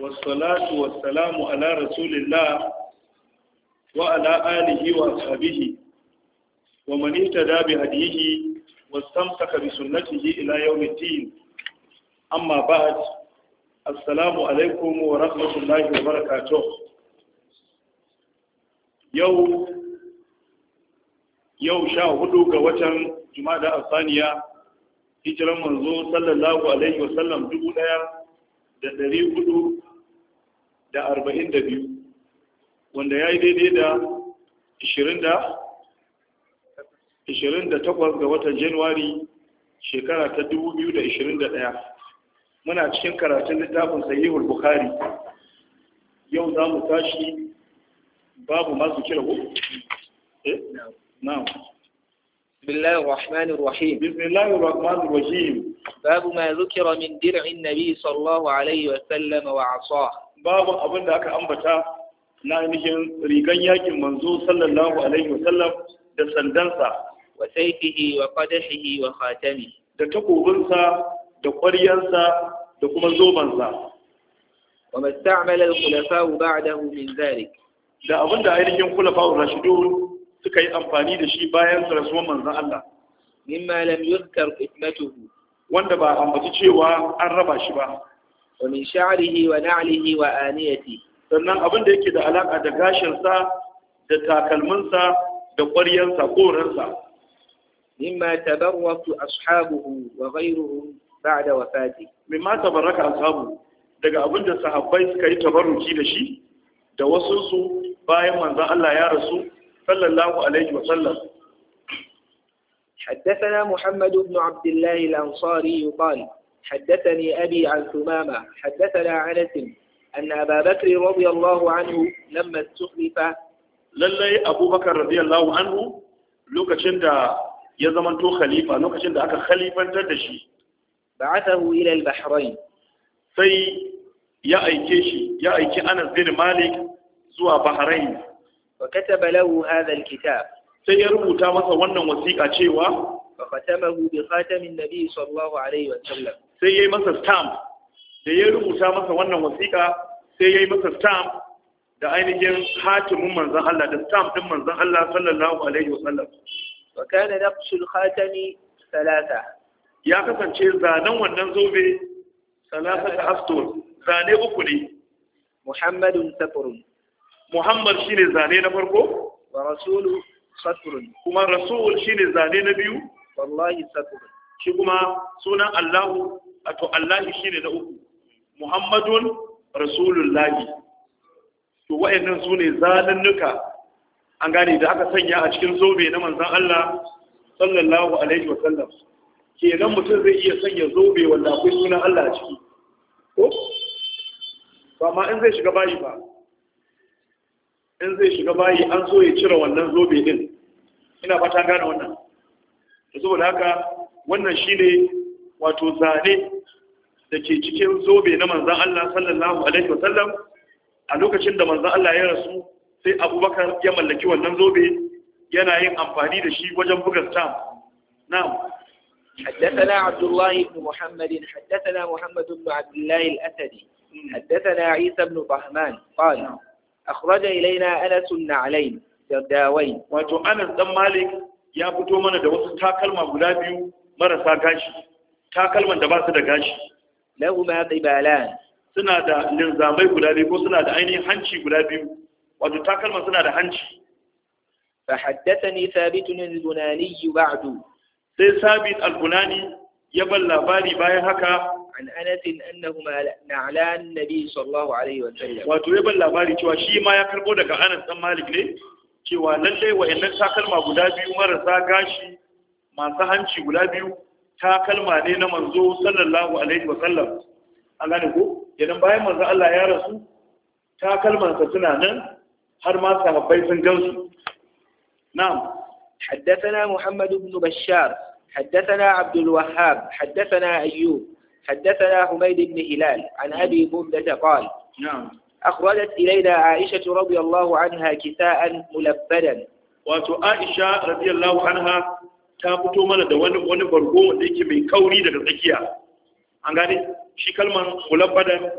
والصلاه والسلام على رسول الله وعلى اله وصحبه ومن اهتدى بهديه واستمسك بسنته الى يوم الدين اما بعد السلام عليكم ورحمه الله وبركاته يوم يوم شاهدوا قوة جمادى الثانيه hijiran manzo sallallahu alaihi wasallam dubu daya da dari hudu da arba'in da biyu wanda ya yi daidai da ishirin da takwas ga watan januwari shekara ta dubu biyu da ishirin da daya muna cikin karatun littafin sahihul bukhari yau za mu tashi babu masu kira eh? na'am بسم الله الرحمن الرحيم بسم الله الرحمن الرحيم باب ما ذكر من درع النبي صلى الله عليه وسلم وعصاه باب أبن ذاك أنبتا نحن ريقان ياكي منزو صلى الله عليه وسلم دسندنسا وسيفه وقدحه وخاتمه دتقو بنسا دقريانسا دقمزو منسا وما استعمل الخلفاء بعده من ذلك دا أبن ذاك أنبتا الخلفاء الراشدون suka yi amfani da shi bayan rasuwan manza Allah mimma lam yuzkar ismatuhu wanda ba ambaci cewa an raba shi ba wa min sha'rihi wa na'lihi wa aniyati sannan abin da yake da alaka da gashin sa da takalminsa da ƙwaryansa ƙoransa mimma tabarratu ashabuhu wa ghayruhum ba'da wafati mimma tabarraka ashabu daga abin da sahabbai suka yi tabarruki da shi da wasu su bayan manzon Allah ya rasu صلى الله عليه وسلم حدثنا محمد بن عبد الله الأنصاري قال حدثني أبي عن ثمامة حدثنا أنس أن أبا بكر رضي الله عنه لما استخلف lallai abubakar radiyallahu anhu lokacin da ya zamanto khalifa lokacin da aka khalifantar da shi ba'athahu ila al-bahrain sai ya aike shi ya aike Anas bin Malik zuwa Bahrain wa kataba lahu hadha alkitab sai ya rubuta masa wannan wasiƙa cewa fa khatamahu bi khatamin nabi sallallahu alaihi wa sallam sai yayi masa stamp da ya rubuta masa wannan wasiƙa sai yayi masa stamp da ainihin hatimin manzon Allah da stamp din manzon Allah sallallahu alaihi wa sallam wa kana naqshul khatami thalatha ya kasance zanen wannan zobe salasata astor zane uku ne muhammadun safarun muhammad shine zane na farko wa rasulu satrun kuma rasul shine zane na biyu wallahi satrun shi kuma sunan allahu to allahi shine na uku muhammadun rasulullahi to wa'annan su ne zanannuka an gane da aka sanya a cikin zobe na manzan Allah sallallahu alaihi wasallam kenan mutum zai iya sanya zobe wanda akwai sunan Allah a ciki ko ba ma in zai shiga bayi ba in zai shiga bayi an so ya cire wannan zobe din ina fata gane wannan to saboda haka wannan shine wato zane da ke cikin zobe na manzan Allah sallallahu alaihi wasallam a lokacin da manzan Allah ya rasu sai abubakar ya mallaki wannan zobe yana yin amfani da shi wajen buga stam na'am حدثنا عبد الله بن محمد حدثنا محمد بن عبد الله الأسدي حدثنا عيسى بن طهمان قال akhraja ilaina anas na'lain dawain wato anas dan malik ya fito mana da wasu takalma guda biyu marasa gashi takalman da ba su da gashi lahuma qibalan suna da linzamai guda biyu ko suna da ainihin hanci guda biyu wato takalma suna da hanci فحدثني ثابت البناني بعد sai sabit al ya ban labari bayan haka an anas annahuma na'la annabi sallallahu alaihi wa sallam wato ya ban labari cewa shi ma ya karbo daga anas dan malik ne cewa lalle wayannan takalma guda biyu marasa gashi masu hanci guda biyu takalma ne na manzo sallallahu alaihi wa sallam an gane ko idan bayan manzo Allah ya rasu takalmansa suna nan har ma sahabbai sun gansu na'am حدثنا محمد بن بشار حدثنا عبد الوهاب حدثنا أيوب حدثنا حميد بن هلال عن أبي بردة قال نعم أخرجت إلينا عائشة رضي الله عنها كساء ملبدا wato Aisha radiyallahu anha ta fito mana da wani wani wanda yake mai kauri daga tsakiya an gane shi kalman mulabbadan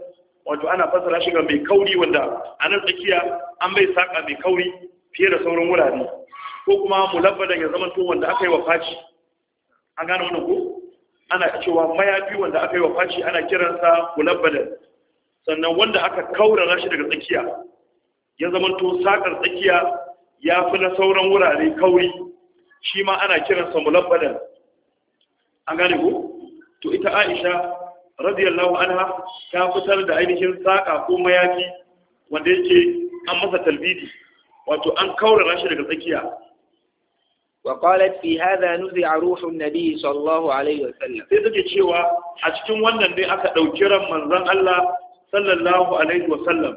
wato ana fassara shi ga mai kauri wanda a nan tsakiya an bai saka mai kauri fiye da sauran wurare ko kuma mulabbadan ya zama wanda aka yi wa an gane ana cewa mayafi wanda aka yi wa fashi ana kiransa mulabbadan sannan wanda aka kaurara shi daga tsakiya ya zama to sakar tsakiya ya fi na sauran wurare kauri shi ma ana kiransa mulabbadan an gane ko to ita aisha radiyallahu anha ta fitar da ainihin saka ko mayafi wanda yake an masa talbidi wato an kaurara shi daga tsakiya وقالت في هذا نزع روح النبي صلى الله عليه وسلم sai take cewa a cikin wannan dai aka dauki ran manzon Allah sallallahu alaihi wasallam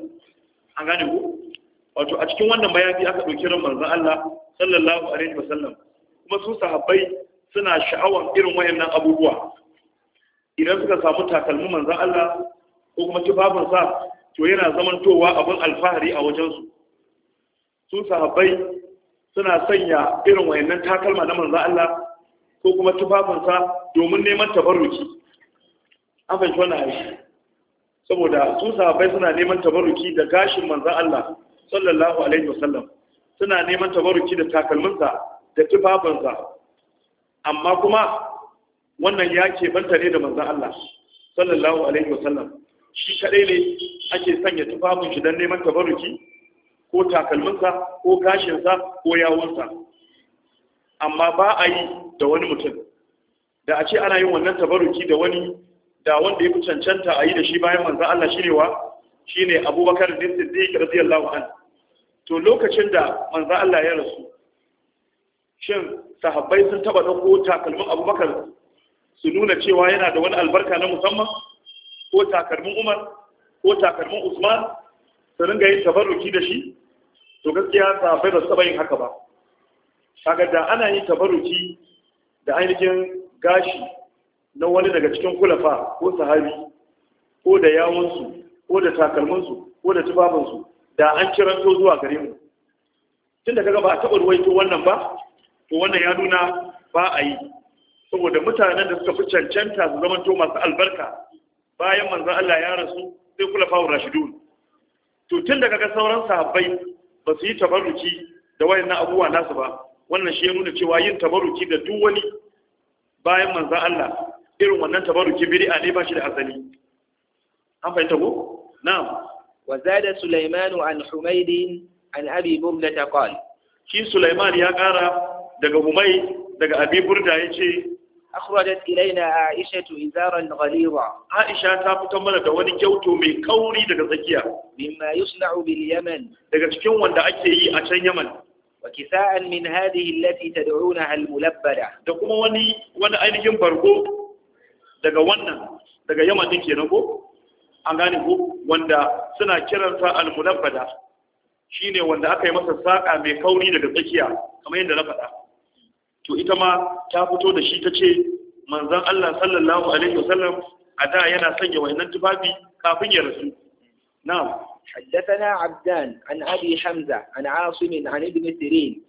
an gane ku wato a cikin wannan bayani aka dauki ran manzon Allah sallallahu alaihi wasallam kuma su sahabbai suna sha'awan irin wayannan abubuwa idan suka samu takalmi manzon Allah ko kuma tufafin sa to yana zamantowa abin alfahari a wajensu su sahabbai suna sanya irin wayannan takalma na manzo Allah ko kuma tufafinsa domin neman tabarruki an fahimci wannan ayi saboda su sahabbai suna neman tabarruki da gashin manzo Allah sallallahu alaihi wasallam suna neman tabarruki da takalminsa da tufafinsa amma kuma wannan ya ke banta ne da manzo Allah sallallahu alaihi wasallam shi kadai ne ake sanya tufafin shi don neman tabarruki ko takalminsa ko gashinsa ko yawunsa amma ba a yi da wani mutum da a ce ana yin wannan tabaruki da wani da wanda ya fi cancanta a yi da shi bayan manzan Allah shi ne wa shi ne abubakar da siddiq Allah wa'an to lokacin da manzan Allah ya rasu shin sahabbai sun taba ɗauko takalmin abubakar su nuna cewa yana da wani albarka na musamman ko takalmin umar ko takalmin usman su ringa yin tabaruki da shi to gaskiya sahabbai ba su taba yin haka ba kaga da ana yin tabaruki da ainihin gashi na wani daga cikin kulafa ko sahabi ko da yawunsu ko da takalminsu ko da tufafinsu da an kiranto zuwa gare mu tun kaga ba a taɓa ruwaito wannan ba to wannan ya nuna ba a yi saboda mutanen da suka fi cancanta su zama to masu albarka bayan manzan Allah ya rasu sai kulafa fawon rashidun to tun daga kaga sauran sahabbai ba su yi tabarruki da wayannan abubuwa nasu ba wannan shi ya nuna cewa yin tabarruki da duk wani bayan manzo Allah irin wannan tabarruki bid'a ne ba shi da asali an fahimta ko na'am wa zada sulaimanu an humaydin an abi burda qala shi sulaiman ya kara daga humay daga abi burda yace akhrajat ilaina aisha izaran ghaliwa aisha ta fito mana da wani kyauta mai kauri daga tsakiya mimma yusna'u bil yaman daga cikin wanda ake yi a can yaman wa kisa'an min hadhihi allati tad'unaha al mulabbada da kuma wani ainihin farko daga wannan daga yaman din kenan ko an gane ko wanda suna kiran sa al mulabbada shine wanda aka yi masa saka mai kauri daga tsakiya kamar yadda na faɗa to ita ma ta fito da shi ta ce manzan Allah sallallahu alaihi wasallam a da yana sanya wayannan tufafi kafin ya rasu na'am حدثنا عبدان عن أبي حمزة عن عاصم عن ابن سيرين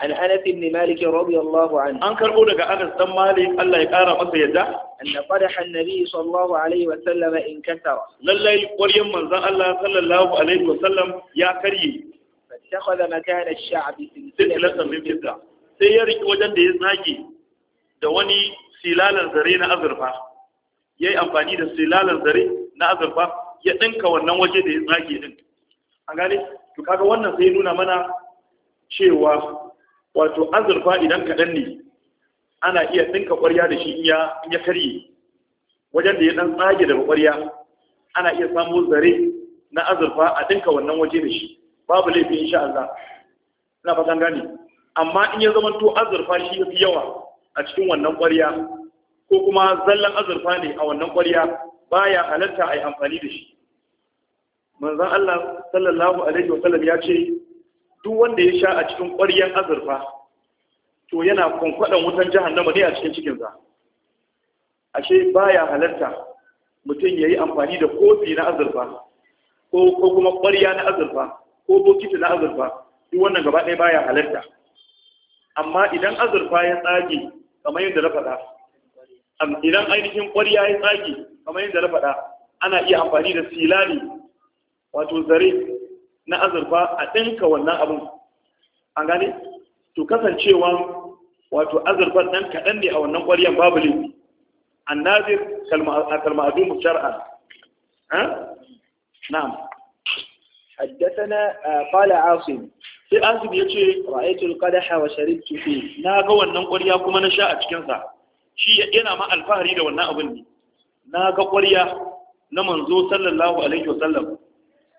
عن أنس بن مالك رضي الله عنه أنكر أولك أنس بن مالك الله يقارى أنت يدع أن فرح النبي صلى الله عليه وسلم انكسر لله وليم من ذا الله صلى الله عليه وسلم يا كريم فاتخذ مكان الشعب سلسلة من فضة sai ya riƙe wajen da ya zage da wani silalar zare na azurfa ya yi amfani da silalar zare na azurfa ya ɗinka wannan waje da ya zage ɗin an gane to kaga wannan sai nuna mana cewa wato azurfa idan kaɗan ne ana iya ɗinka ƙwarya da shi in ya karye wajen da ya ɗan tsage daga ƙwarya ana iya samu zare na azurfa a ɗinka wannan waje da shi babu laifin insha Allah ina fatan gane amma in ya zama to azurfa shi yafi yawa a cikin wannan ƙwarya ko kuma zallan azurfa ne a wannan ƙwarya baya halatta a yi amfani da shi manzo Allah sallallahu alaihi wa sallam ya ce duk wanda ya sha a cikin ƙwaryan azurfa to yana kwankwaɗan wutan jahannama ne a cikin cikinsa ashe baya halatta mutum ya yi amfani da kofi na azurfa ko kuma ƙwarya na azurfa ko bokiti na azurfa duk wannan gaba ɗaya baya halatta. amma idan azurfa ya tsage kamar yadda na faɗa idan ainihin ƙwarya ya tsage kamar yadda na faɗa ana iya amfani da silali wato zare na azurfa a ɗinka wannan abin an gane to kasancewa wato azurfan ɗan kaɗan ne a wannan ƙwaryan babu laifi annazir kalma'adun shar'a hm? na'am حدثنا قال عاصم sai azib ya ce ra'aytul qadaha wa sharibtu fi na ga wannan ƙwarya kuma na sha a cikin sa shi yana ma alfahari da wannan abin ne na ga ƙwarya na manzo sallallahu alaihi wasallam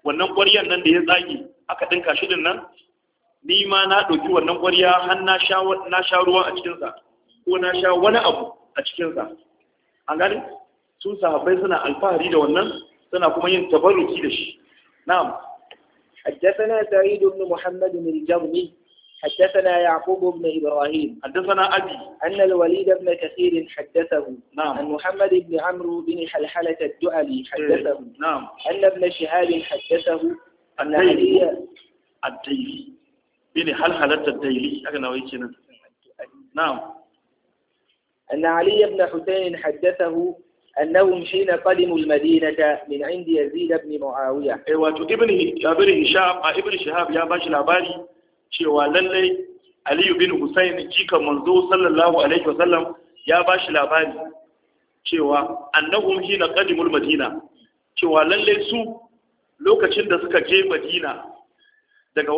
wannan ƙwaryan nan da ya tsage aka dinka shi din nan ni ma na ɗauki wannan ƙwarya har na sha na sha ruwa a cikin sa ko na sha wani abu a cikin sa an gane su sahabbai suna alfahari da wannan suna kuma yin tabarruki da shi na'am حدثنا سعيد بن محمد بن الجرمي حدثنا يعقوب بن إبراهيم حدثنا أبي أن الوليد بن كثير حدثه نعم أن محمد بن عمرو بن حلحلة الدؤلي حدثه إيه. نعم أن ابن شهاب حدثه أن علي الديلي بن حلحلة الديلي نعم أن علي بن حسين حدثه أنهم حين قدموا المدينة من عند يزيد بن معاوية أيوة ابن ابن هشام ابن شهاب يا باش لاباري cewa lallai Aliyu bin Hussein jikan manzo sallallahu alaihi wasallam ya bashi labari cewa annahum hina qadimul madina cewa lallai su lokacin da suka je madina daga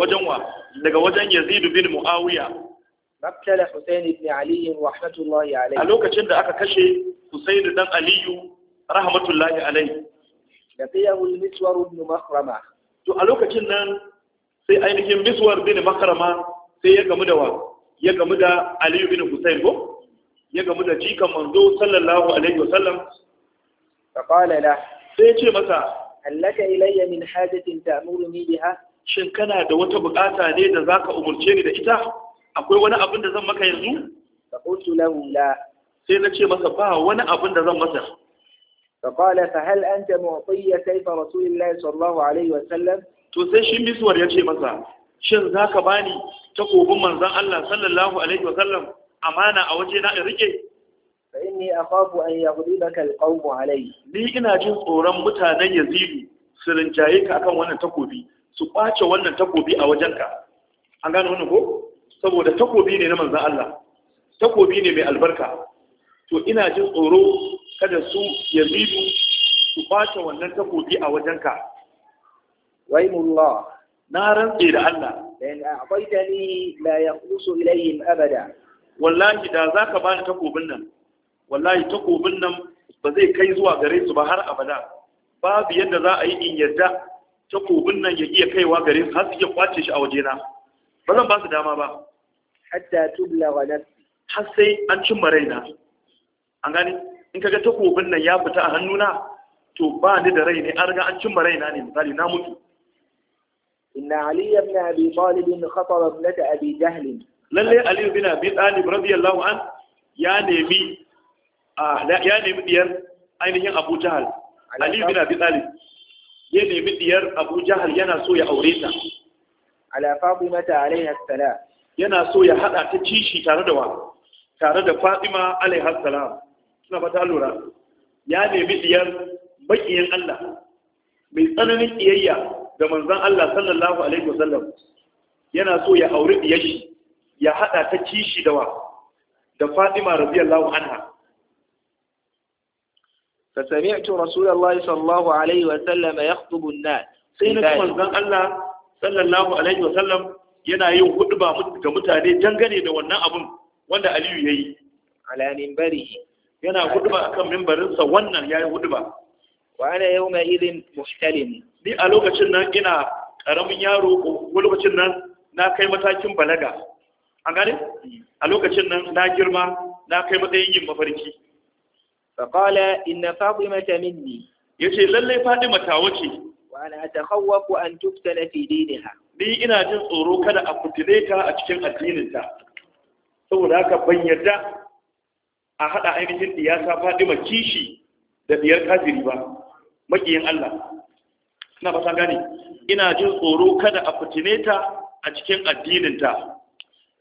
wajen yazidu bin Muawiya مقتل حسين بن علي ورحمة الله عليه ألوك شند أكا كشي حسين بن علي رحمة الله عليه لقيه المسور بن مخرمة to a lokacin nan sai ainihin miswar bin makarama sai ya gamu da wa ya gamu da aliyu bin husayn ko ya gamu da jikan manzo sallallahu alaihi wasallam fa qala la sai ya ce masa allaka ilayya min hajatin ta'muruni biha shin kana da wata bukata ne da zaka umurce ni da ita akwai wani abin da zan maka yanzu Ka qultu lahu la sai na ce masa ba wani abin da zan masa Ka qala ta hal anta mu'tiya sayfa rasulillahi sallallahu alaihi wa sallam to sai shi misuwar ya ce masa shin za zaka bani takobin manzan Allah sallallahu alaihi wa sallam amana a waje na in rike fa inni akhafu an ba alqawm alayhi ni ina jin tsoron mutanen yazidu su rinjaye ka akan wannan takobi su kwace wannan takobi a wajenka an gane wannan ko saboda takobi ne na manzan Allah takobi ne mai albarka to ina jin tsoro kada su ya su kwace wannan takobi a wajenka waimullah na rantse da Allah dan a'taitani la yakhlusu ilayhim abada wallahi da zaka bani takobin nan wallahi takobin nan ba zai kai zuwa gare su ba har abada babu yadda za a yi in yadda takobin nan ya iya kaiwa gare su har su iya kwace shi a wajena ba zan ba su dama ba hatta tubla wa nafsi har sai an cimma raina an gani in kaga takobin nan ya fita a hannuna to ba ni da rai ne an riga an cimma raina ne misali na mutu inna ali ibn abi talib khatara ibnat abi jahl lalle ali ibn abi talib radiyallahu an ya nemi ya nemi diyar ainihin abu jahl ali ibn abi talib ya nemi diyar abu jahl yana so ya aure ta ala fatimata alaiha salam yana so ya hada ta kishi tare da wa tare da fatima alaiha salam suna fata lura ya nemi diyar makiyin Allah mai tsananin iyayya da manzon Allah sallallahu alaihi wasallam yana so ya aure diyar shi ya hada ta kishi da wa da fatima radiyallahu anha فسمعت رسول الله صلى الله عليه وسلم يخطب الناس sai na kuma zan Allah sallallahu alaihi wa sallam yana yin hudba ga mutane dangane da wannan abun wanda aliyu yayi ala minbari yana hudba akan mimbarinsa wannan yayi hudba wa ana yawma idin muhtalim ni a lokacin nan ina karamin yaro ko lokacin nan na kai matakin balaga an gane a lokacin nan na girma na kai matsayin yin mafarki fa qala inna fatimata minni yace lalle fatima wace وأنا أتخوف an تفتن في دينها ni ina jin tsoro kada a fitile ta a cikin addininta saboda haka ban yarda a haɗa ainihin diyasa fadima kishi da biyar kafiri ba maƙiyin Allah ina ba ta gane ina jin tsoro kada a fitile ta a cikin addininta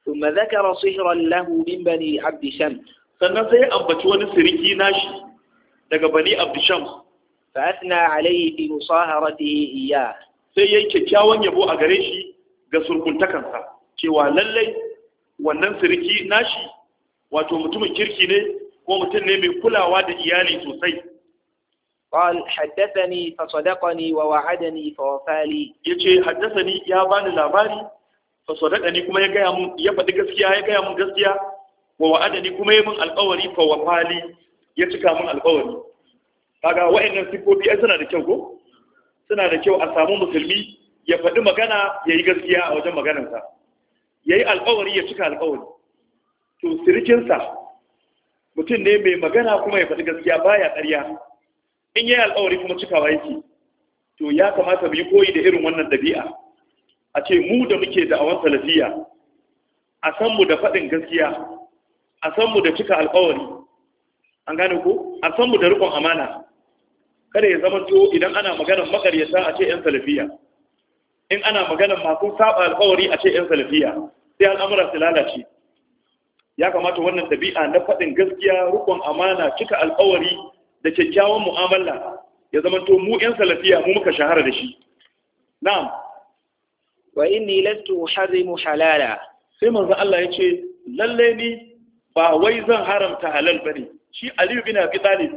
ثم ذكر صهرا له من Bani عبد شمس sannan sai ya ambaci wani siriki nashi daga bani abdishams فأثنى عليه في مصاهرته إياه sai yayi kyakkyawan yabo a gare shi ga surkuntakansa cewa lallai wannan sirki nashi wato mutumin kirki ne ko mutum ne mai kulawa da iyali sosai qal haddathani fa sadaqani wa wa'adani fa wafali yace haddathani ya bani labari fa sadaqani kuma ya gaya mun ya faɗi gaskiya ya gaya mun gaskiya wa wa'adani kuma ya mun alƙawari fa wafali ya cika mun alƙawari kaga wa'annan sifofi ai suna da kyau ko suna da kyau a samu musulmi ya faɗi magana ya yi gaskiya a wajen maganarsa ya yi alkawari ya cika alkawari to sirikinsa mutum ne mai magana kuma ya faɗi gaskiya baya ƙarya in ya yi alkawari kuma cikawa yake to ya kamata mu yi koyi da irin wannan ɗabi'a a ce mu da muke da awon salafiya a san mu da faɗin gaskiya a san mu da cika alkawari an gane ko a san mu da riƙon amana kada ya zama idan ana maganar makaryata a ce yan salafiya in ana maganar masu saba alkawari a ce yan salafiya sai al'amura su lalace ya kamata wannan dabi'a na faɗin gaskiya rukun amana cika alkawari da kyakkyawan mu'amala ya zama mu yan salafiya mu muka shahara da shi na'am wa inni lastu mu halala sai manzo Allah ya ce lallai ni ba wai zan haramta halal bane shi Aliyu bin Abi Talib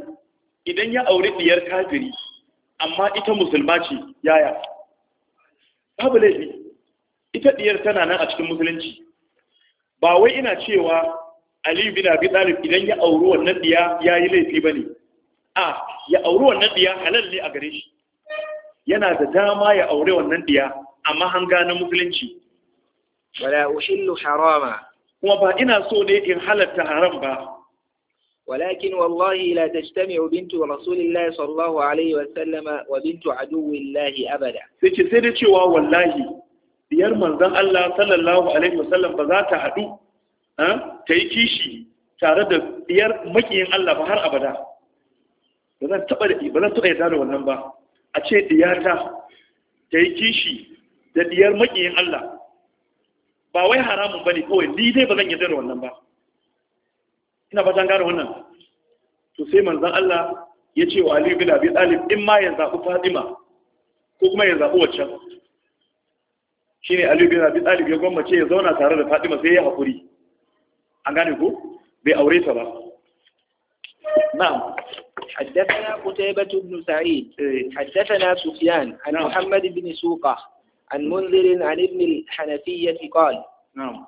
idan ya auri diyar kafiri amma ita musulma ce yaya babu laifi ita diyar tana nan a cikin musulunci ba wai ina cewa aliyu bin abi talib idan ya auri wannan diya yayi laifi ba ne a ya auri wannan diya halal ne a gare shi yana da dama ya aure wannan diya amma an na musulunci wala ushillu harama kuma ba ina so ne in halatta haram ba ولكن والله لا تجتمع بنت رسول الله صلى الله عليه وسلم وبنت عدو الله أبدا سيكي سيدي والله diyar Allah sallallahu Alaihi wasallam ba za ta haɗu ta yi kishi tare da diyar makiyin Allah ba har abada ba zan taɓa yadda da wannan ba a ce diyata ta yi kishi da diyar makiyin Allah ba wai haramun ba ne kawai ba zan wannan ba ina ba gane wannan to sai manzon Allah ya ce wa Ali bin Abi Talib in ma ya zaɓi Fatima ko kuma ya zaɓi waccan shine Ali bin Abi Talib ya gwammace ya zauna tare da Fatima sai ya haƙuri an gane ko bai aure ta ba na'am حدثنا قتيبة بن سعيد حدثنا سفيان عن محمد بن سوقة عن منذر عن ابن الحنفية قال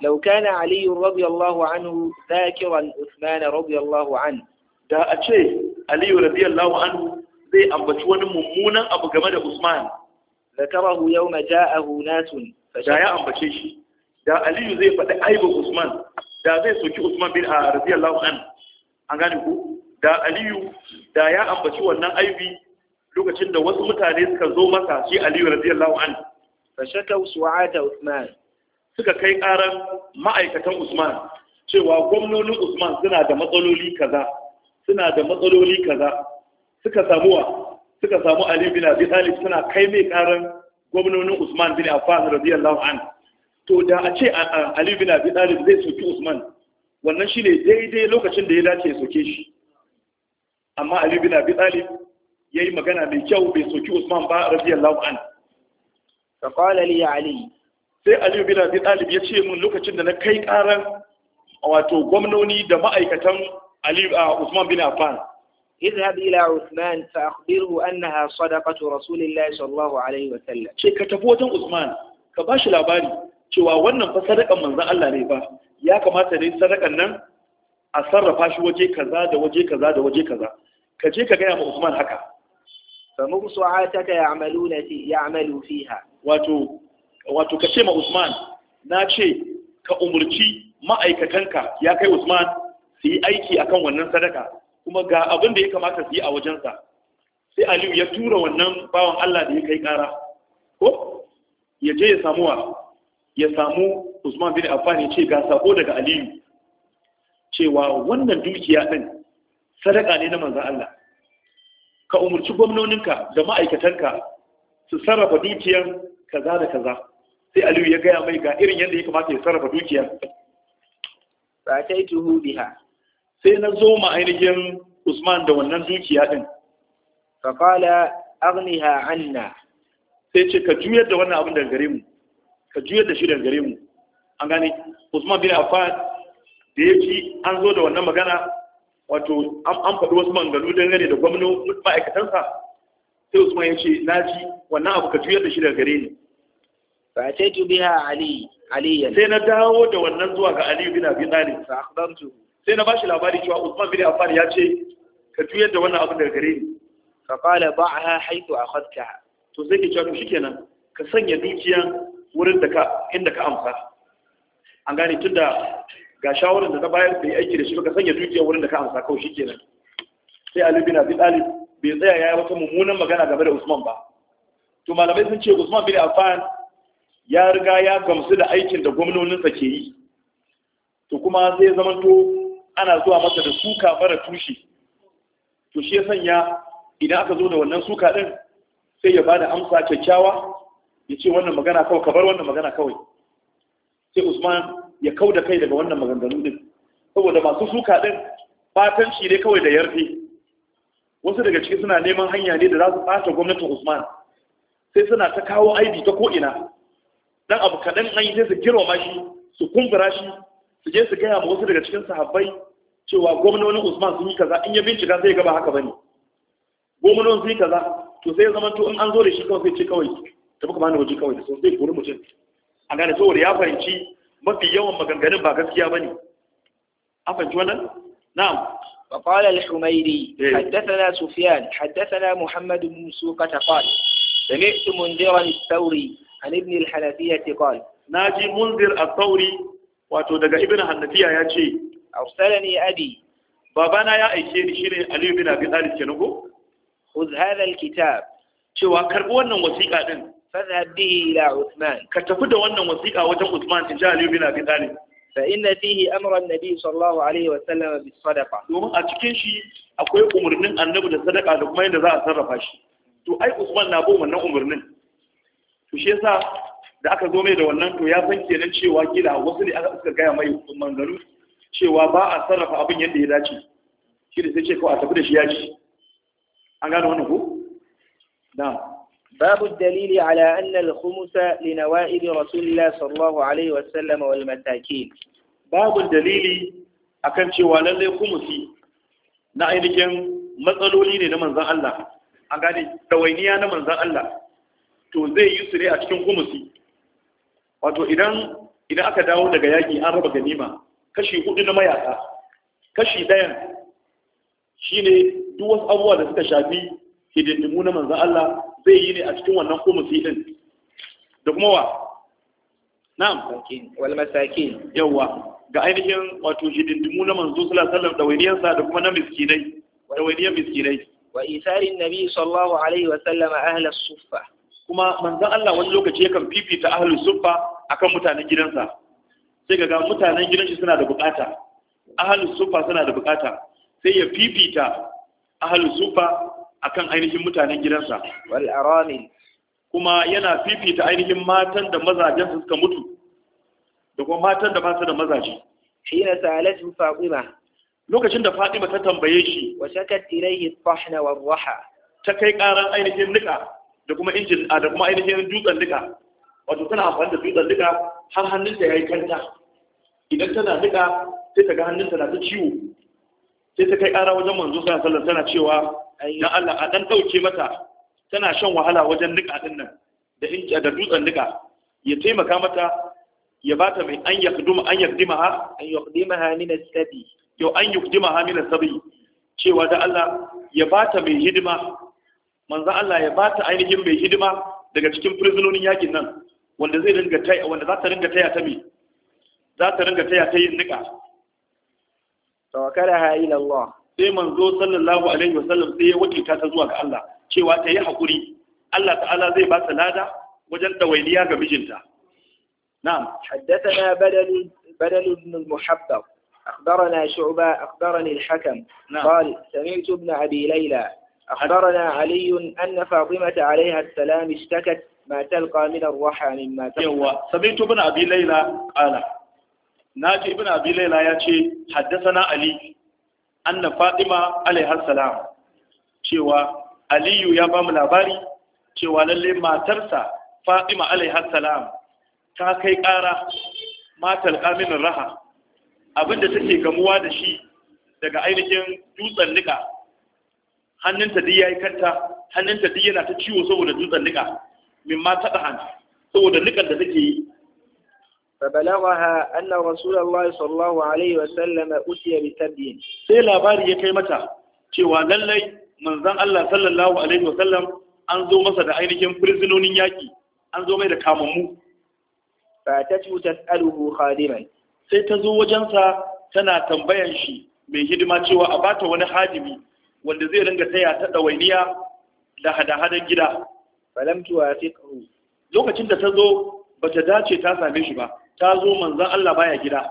لو كان علي رضي الله عنه ذاكرا عثمان رضي الله عنه da a ce aliyu radiyallahu anhu zai ambaci wani mummunan abu game da usman da karahu yau na ja'ahu nasun da ya ambace da aliyu zai faɗi aibin usman da zai soki usman bin a ah, radiyallahu anhu an gane ku da aliyu da ya ambaci wannan aibi lokacin da wasu mutane suka zo masa shi aliyu radiyallahu anhu fa shakau su'ata usman suka kai karan ma'aikatan Usman cewa gwamnonin Usman suna da matsaloli kaza suna da matsaloli kaza suka samu wa suka samu Ali bin Abi Talib suna kai mai karan gwamnonin Usman bin Affan radiyallahu an. to da a ce Ali bin Abi Talib zai soki Usman wannan shine daidai lokacin da ya dace ya soke shi amma Ali bin Abi Talib yayi magana mai kyau bai soki Usman ba radiyallahu an. فقال لي علي sai aliyu bin abi talib ya ce min lokacin da na kai karan wato gwamnoni da ma'aikatan aliyu a usman bin affan اذهب إلى عثمان فأخبره أنها صدقة رسول الله صلى الله عليه وسلم شيء كتبوة عثمان كباش labari cewa wannan fa sadakan manzon Allah ne ba ya kamata dai sadakan nan a sarrafa shi waje kaza da waje kaza da waje kaza ka je ka gaya ma Usman haka fa mursu'ataka ya'maluna fi ya'malu fiha wato wato ka ce ma Usman na ce ka umurci ma'aikatanka ya kai Usman su yi aiki akan wannan sadaka kuma ga abin da ya kamata su yi a wajensa sai Aliyu ya tura wannan bawan Allah da ya kai kara ko ya je ya samu wa ya samu Usman bin Affan ya ce ga sako daga Aliyu cewa wannan dukiya din sadaka ne na manzon Allah ka umurci ka da ma'aikatan ka su sarrafa dukiyar kaza da kaza sai aliyu ya gaya mai ga irin yadda ya kamata ya sarrafa dukiya ba ta yi tuhu biha sai na zo ma ainihin usman da wannan dukiya din fala Agni ha anna sai ce ka juyar da wannan abin daga gare mu ka juyar da shi daga gare mu an gane usman bin affan da ya ci an zo da wannan magana wato an faɗi wasu mangalu dangane da gwamnati ma'aikatansa sai usman ya ce na ji wannan abu ka juyar da shi daga gare ni fa ataitu biha ali aliyan sai na dawo da wannan zuwa ga ali bin abi talib sa akhbartu sai na bashi labari cewa usman bin affan ya ce ka juyar da wannan abin daga gare ni fa qala ba'aha haythu akhadtaha to sai ke ce to shikenan ka sanya dukiyan wurin da ka inda ka amsa an gane tunda ga shawarar da ta bayar da aiki da shi ka sanya dukiyan wurin da ka amsa kawai shikenan sai ali bin abi talib bai tsaya ya yi wata mummunan magana game da usman ba to malamai sun ce usman bin affan ya riga ya gamsu da aikin da gwamnoninsa ke yi to kuma zai zamanto ana zuwa masa da suka mara tushe to shi ya sanya idan aka zo da wannan suka din sai ya bada amsa kyakkyawa ya ce wannan magana kawai kabar wannan magana kawai sai usman ya kau da kai daga wannan maganganu din saboda masu suka din fatan shi ne kawai da yarfe wasu daga ciki suna neman hanya ne da za su ɓata gwamnatin usman sai suna ta kawo aibi ta ko'ina dan abu kaɗan an yi sai su girma shi su kumbura shi su je su gaya ma wasu daga cikin sahabbai cewa gwamnonin Usman sun yi kaza in ya bincika sai ga gaba haka bane gwamnonin sun yi kaza to sai ya zama to in an zo da shi kawai sai ce kawai ta baka bani waje kawai da sun zai kori mutum a gane saboda ya fahimci mafi yawan maganganun ba gaskiya bane an fahimci wannan na'am وقال الحميري حدثنا سفيان حدثنا محمد بن سوقة قال سمعت منذرا الثوري an ibn al-hanafiya qala naji munzir al-thawri wato daga ibn hanafiya ya ce arsalani abi babana ya aike ni shine ali ibn abi kenan ko khudh hadha kitab cewa karbi wannan wasiƙa din fadhhab bihi ila uthman ka tafi da wannan wasiƙa wajen uthman tin ali ibn abi talib fa inna fihi amra an-nabi sallallahu alaihi wa sallam bis sadaqa domin a cikin shi akwai umurnin annabi da sadaka da kuma yadda za a sarrafa shi to I Usman na bin wannan umarnin. Kushe sa da aka zo mai da wannan to ya san kenan cewa kila wasu ne aka gaya mai mangaru cewa ba a sarrafa abin yadda ya dace shi da sai ce kawai a tafi da shi ya ci. an gano wannan ko da باب الدليل على أن الخمس لنوائب رسول الله صلى الله عليه وسلم والمساكين باب الدليل akan cewa lallai kumusi na ainihin matsaloli ne na manzan Allah an gane dawainiya na manzan Allah to zai yi su ne a cikin kumusi wato idan idan aka dawo daga yaƙi an raba ganima kashi hudu na mayaka kashi ɗayan ne duk wasu abubuwa da suka shafi hidindimu na manzan Allah zai yi ne a cikin wannan kumusi din da kuma wa na'am wal masakin yawa ga ainihin wato hidindimu na manzo sallallahu alaihi wasallam dawainiyarsa da kuma na miskinai dawainiyar miskinai wa isarin nabi sallallahu alaihi wasallam ahla suffa kuma manzan Allah wani lokaci yakan fifita ahlus a akan mutanen gidansa sai ga mutanen gidan shi suna da bukata ahlus sufa suna da bukata sai ya fifita ahlus a akan ainihin mutanen gidansa wal aramil kuma yana fifita ainihin matan da mazajen su suka mutu da kuma matan da ba su da mazaje hina salatu fatima lokacin da fatima ta tambaye shi wa shakat ilayhi tahna wa raha ta kai karan ainihin nika da kuma injin da kuma ainihin dutsen duka wato tana amfani da dutsen duka har hannunta ya yi kanta idan tana duka sai ta ga hannunta na ta ciwo sai ta kai ƙara wajen manzo sa sallar tana cewa na Allah a dan dauke mata tana shan wahala wajen duka din nan da inji da dutsen duka ya taimaka mata ya bata mai an yakduma an yakdimaha an yakdimaha min as-sabi yau an yakdimaha min as-sabi cewa da Allah ya bata mai hidima manzan Allah ya ba ta ainihin mai hidima daga cikin prisonin yakin nan wanda zai ringa taya wanda za ta ringa taya ta mi za ta ringa taya ta yin nika tawakkalaha ila Allah sai manzo sallallahu alaihi wasallam sai ya wakilta ta zuwa ga Allah cewa ta yi hakuri Allah ta'ala zai ba ta lada wajen dawainiya ga mijinta na'am haddathana badal badal ibn al-muhabbab أخبرنا شعبة أخبرني الحكم نعم. قال سمعت ابن أبي ليلى أخبرنا علي أن فاطمة عليها السلام اشتكت ما تلقى من الرحى مما تلقى يوه سمعت ابن أبي ليلى قال ناجي ابن أبي ليلى ياتي حدثنا علي أن فاطمة عليها السلام cewa Aliyu ya bamu labari cewa lallai matarsa Fatima alaiha salam ta kai ƙara matal aminin raha abinda take gamuwa da shi daga ainihin dutsen nika hannunta duk yayi kanta hannunta duk yana ta ciwo saboda dutsen nika min ma taɗa hannu saboda nikan da take yi فبلغها أن رسول sallallahu alaihi wa sallam وسلم أتي بتبي sai labari ya kai mata cewa lallai manzon Allah sallallahu alaihi wa sallam, an zo masa da ainihin prisonin yaki an zo mai da kamammu fa ta tu tasaluhu khadiman sai ta zo wajensa tana tambayan shi mai hidima cewa a bata wani hadimi wanda zai ringa taya ta ɗawainiya da hada-hadan gida falamtu wa fiqhu lokacin da ta zo bata dace ta same shi ba ta zo manzan Allah baya gida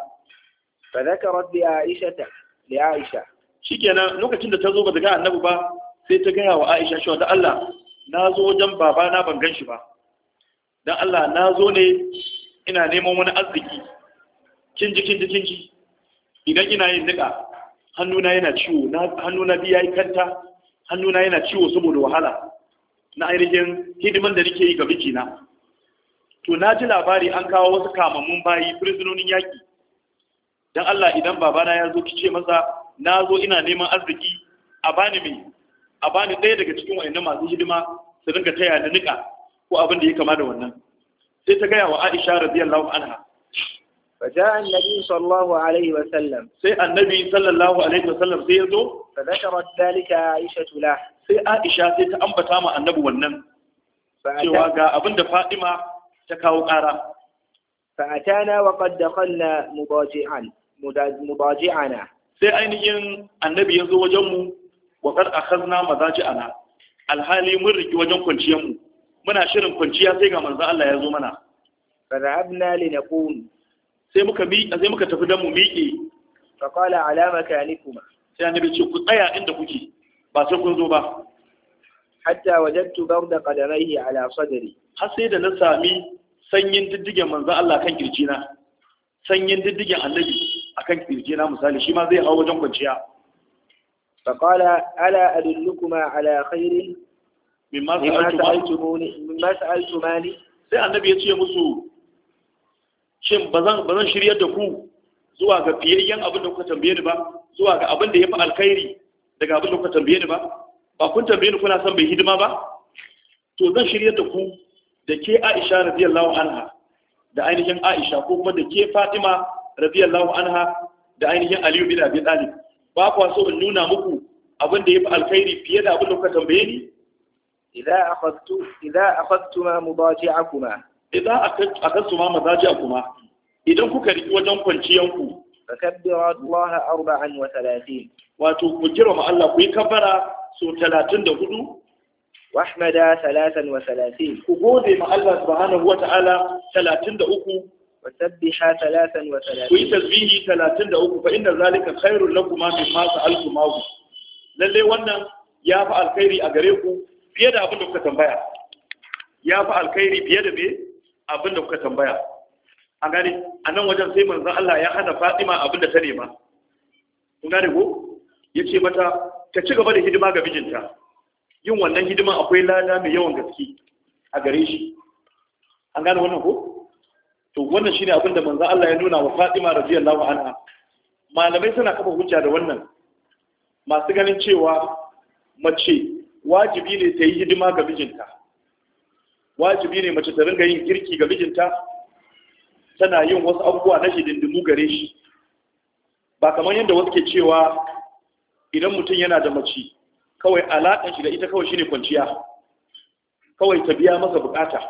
fa zakarat bi aisha ta li aisha shikenan lokacin da ta zo bata ga annabi ba sai ta gaya wa aisha shi da Allah na zo wajen babana ban gan shi ba dan Allah na zo ne ina neman wani arziki kin ji kin ji kin ji idan ina yin nika hannuna yana ciwo hannuna biya yi kanta hannuna yana ciwo saboda wahala na ainihin hidiman da nake yi ga bikina to na ji labari an kawo wasu kamammun bayi prisonin yaƙi don Allah idan babana ya zo ki ce masa na zo ina neman arziki a bani mai a bani ɗaya daga cikin wa'annan masu hidima su dinga taya da niƙa ko abin da ya kama da wannan sai ta gaya wa Aisha radiyallahu anha فجاء النبي صلى الله عليه وسلم سي النبي صلى الله عليه وسلم سيده فذكرت ذلك عائشة له سي عائشة سي تأمبتا مع النبو والنم سي واقع أبند تكاو قارا فأتانا وقد دخلنا مضاجعا مضاجعنا سي أين النبي يزو وجمه وقد أخذنا مضاجعنا الحالي مرج وجم كنشيمه منا شرم كنشيا سيغا منزا الله يزو منا فذهبنا لنقوم sai muka bi sai muka tafi dan mu miƙe fa qala ala makanikuma sai annabi ce ku tsaya inda kuke ba sai kun zo ba hatta wajadtu barda qadamaihi ala sadri har sai da na sami sanyin diddigen manzo Allah kan na, sanyin diddigen annabi akan na misali shi ma zai hawo wajen kwanciya fa qala ala adullukuma ala khairin mimma sa'altumani mimma sa'altumani sai annabi ya ce musu shin ba zan shiryar da ku zuwa ga fiyayyen abin da kuka tambaye ni ba zuwa ga abin da ya fi alkhairi daga abin da kuka tambaye ni ba ba kun tambaye ni kuna son bai hidima ba to zan shirya da ku da ke Aisha radiyallahu anha da ainihin Aisha ko kuma da ke Fatima radiyallahu anha da ainihin Aliyu bin Abi Talib ba kwa so in nuna muku abin da ya fi alkhairi fiye da abin da kuka tambaye ni idza akhadtu idza akhadtuma mudaji'akuma idan akan su ma a kuma idan kuka riki wajen kwanciyanku fakabbirat Allah arba'an wa talatin wato ku jira ma Allah ku yi kabbara so 34 wa ahmada 33 ku gode ma Allah subhanahu wa ta'ala 33 وسبح ثلاثا وثلاثين كوي تسبيحي ثلاثين دا أكو فإن ذلك wannan ya مما alkhairi a gare ku fiye da abin da kuka tambaya. Ya يا alkhairi fiye da me? abin da kuka tambaya a gane a nan wajen sai manzan Allah ya hana Fatima abin da ta nema kun gane ko ya ce mata ta ci gaba da hidima ga mijinta yin wannan hidima akwai lada mai yawan gaske a gare shi an gane wannan ko to wannan shine abin da manzan Allah ya nuna wa Fatima radiyallahu anha malamai suna kafa hujja da wannan masu ganin cewa mace wajibi ne ta yi hidima ga mijinta wajibi ne mace ta ringa yin girki ga mijinta tana yin wasu abubuwa na hidindimu gare shi ba kamar yadda wasu ke cewa idan mutum yana da mace kawai alaƙan shi da ita kawai shine kwanciya kawai ta biya masa bukata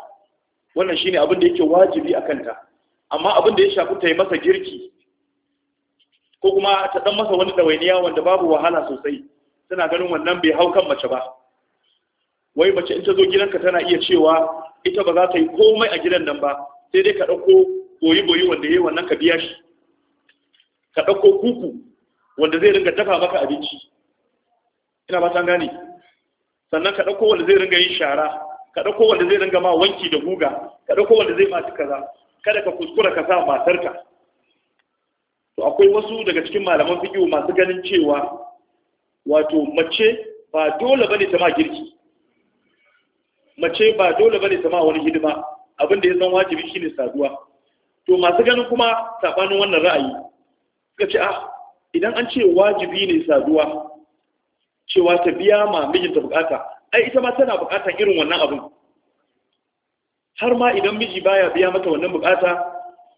wannan shine abin da yake wajibi a kanta amma abin da ya shafi ta yi masa girki ko kuma ta dan masa wani ɗawainiya wanda babu wahala sosai tana ganin wannan bai hau kan mace ba wai mace in ta zo gidanka tana iya cewa ita ba za ta yi komai a gidan nan ba sai dai ka ɗauko boyi-boyi wanda ya yi wannan ka biya shi ka ɗauko kuku wanda zai ringa dafa maka abinci ina ba san gane sannan ka ɗauko wanda zai ringa yin shara ka ɗauko wanda zai ringa ma wanki da guga ka ɗauko wanda zai masu kaza kada ka kuskura ka sa matarka to akwai wasu daga cikin malaman fiƙiyo masu ganin cewa wato mace ba dole bane ta ma girki mace ba dole bane ta ma wani hidima abin da ya zama wajibi shine saduwa to masu ganin kuma sabanin wannan ra'ayi suka ce ah idan an ce wajibi ne saduwa cewa ta biya ma mijinta bukata ai ita ma tana bukatan irin wannan abin har ma idan miji baya biya mata wannan bukata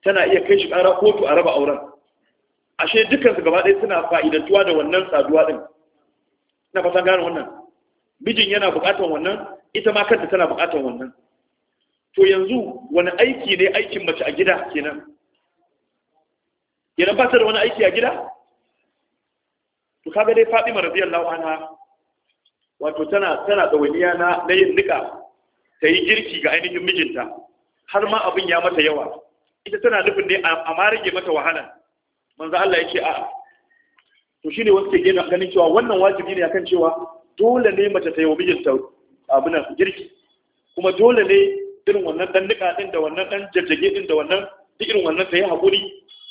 tana iya kai shi kara kotu a raba auren ashe dukkan su gaba ɗaya suna fa'idantuwa da wannan saduwa din na fatan gane wannan mijin yana bukatan wannan ita ma kanta tana buƙatar wannan to yanzu wani aiki ne aikin mace a gida kenan Idan ba ta da wani aiki a gida to kaga dai Fatima radiyallahu anha wato tana tana dawaniya na na yin nika ta yi girki ga ainihin mijinta har ma abin ya mata yawa ita tana nufin dai a ma rage mata wahala manzo Allah ya ce a to shine wasu ke ganin cewa wannan wajibi ne akan cewa dole ne mace ta yi wa mijinta abinan girki kuma dole ne irin wannan dan nika din da wannan dan jajjage din da wannan duk irin wannan ta yi hakuri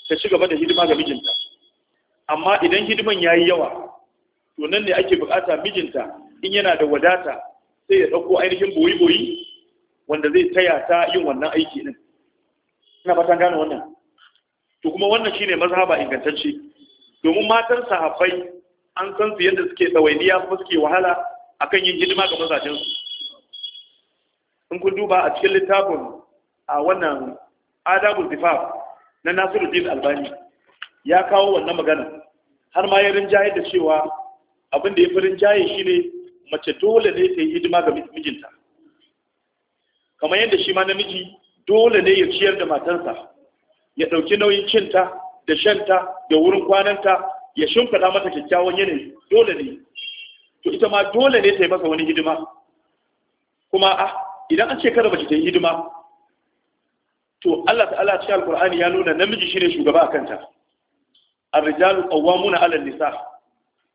ta ci gaba da hidima ga mijinta amma idan hidiman ya yi yawa to nan ne ake bukata mijinta in yana da wadata sai ya ɗauko ainihin boyi-boyi wanda zai taya ta yin wannan aiki din. ina fatan gane wannan to kuma wannan shine mazhaba ingantacce domin matan sahabbai an san su yadda suke ɗawainiya kuma suke wahala akan yin hidima ga mazajensu in kun duba a cikin littafin a wannan adabul difaf na nasiruddin albani ya kawo wannan magana har ma ya rinjaye da cewa abin da ya fi rinjaye shine mace dole ne ta yi hidima ga mijinta kamar yadda shi ma namiji dole ne ya ciyar da matarsa ya ɗauki nauyin cinta da shanta da wurin kwananta ya shimfiɗa mata kyakkyawan yanayi dole ne to ita ma dole ne ta yi masa wani hidima kuma a ah, idan an ce kada mace ta yi hidima to Allah ta'ala cikin alkur'ani ya nuna namiji shine shugaba a kanta ar-rijalu qawwamuna 'ala an-nisa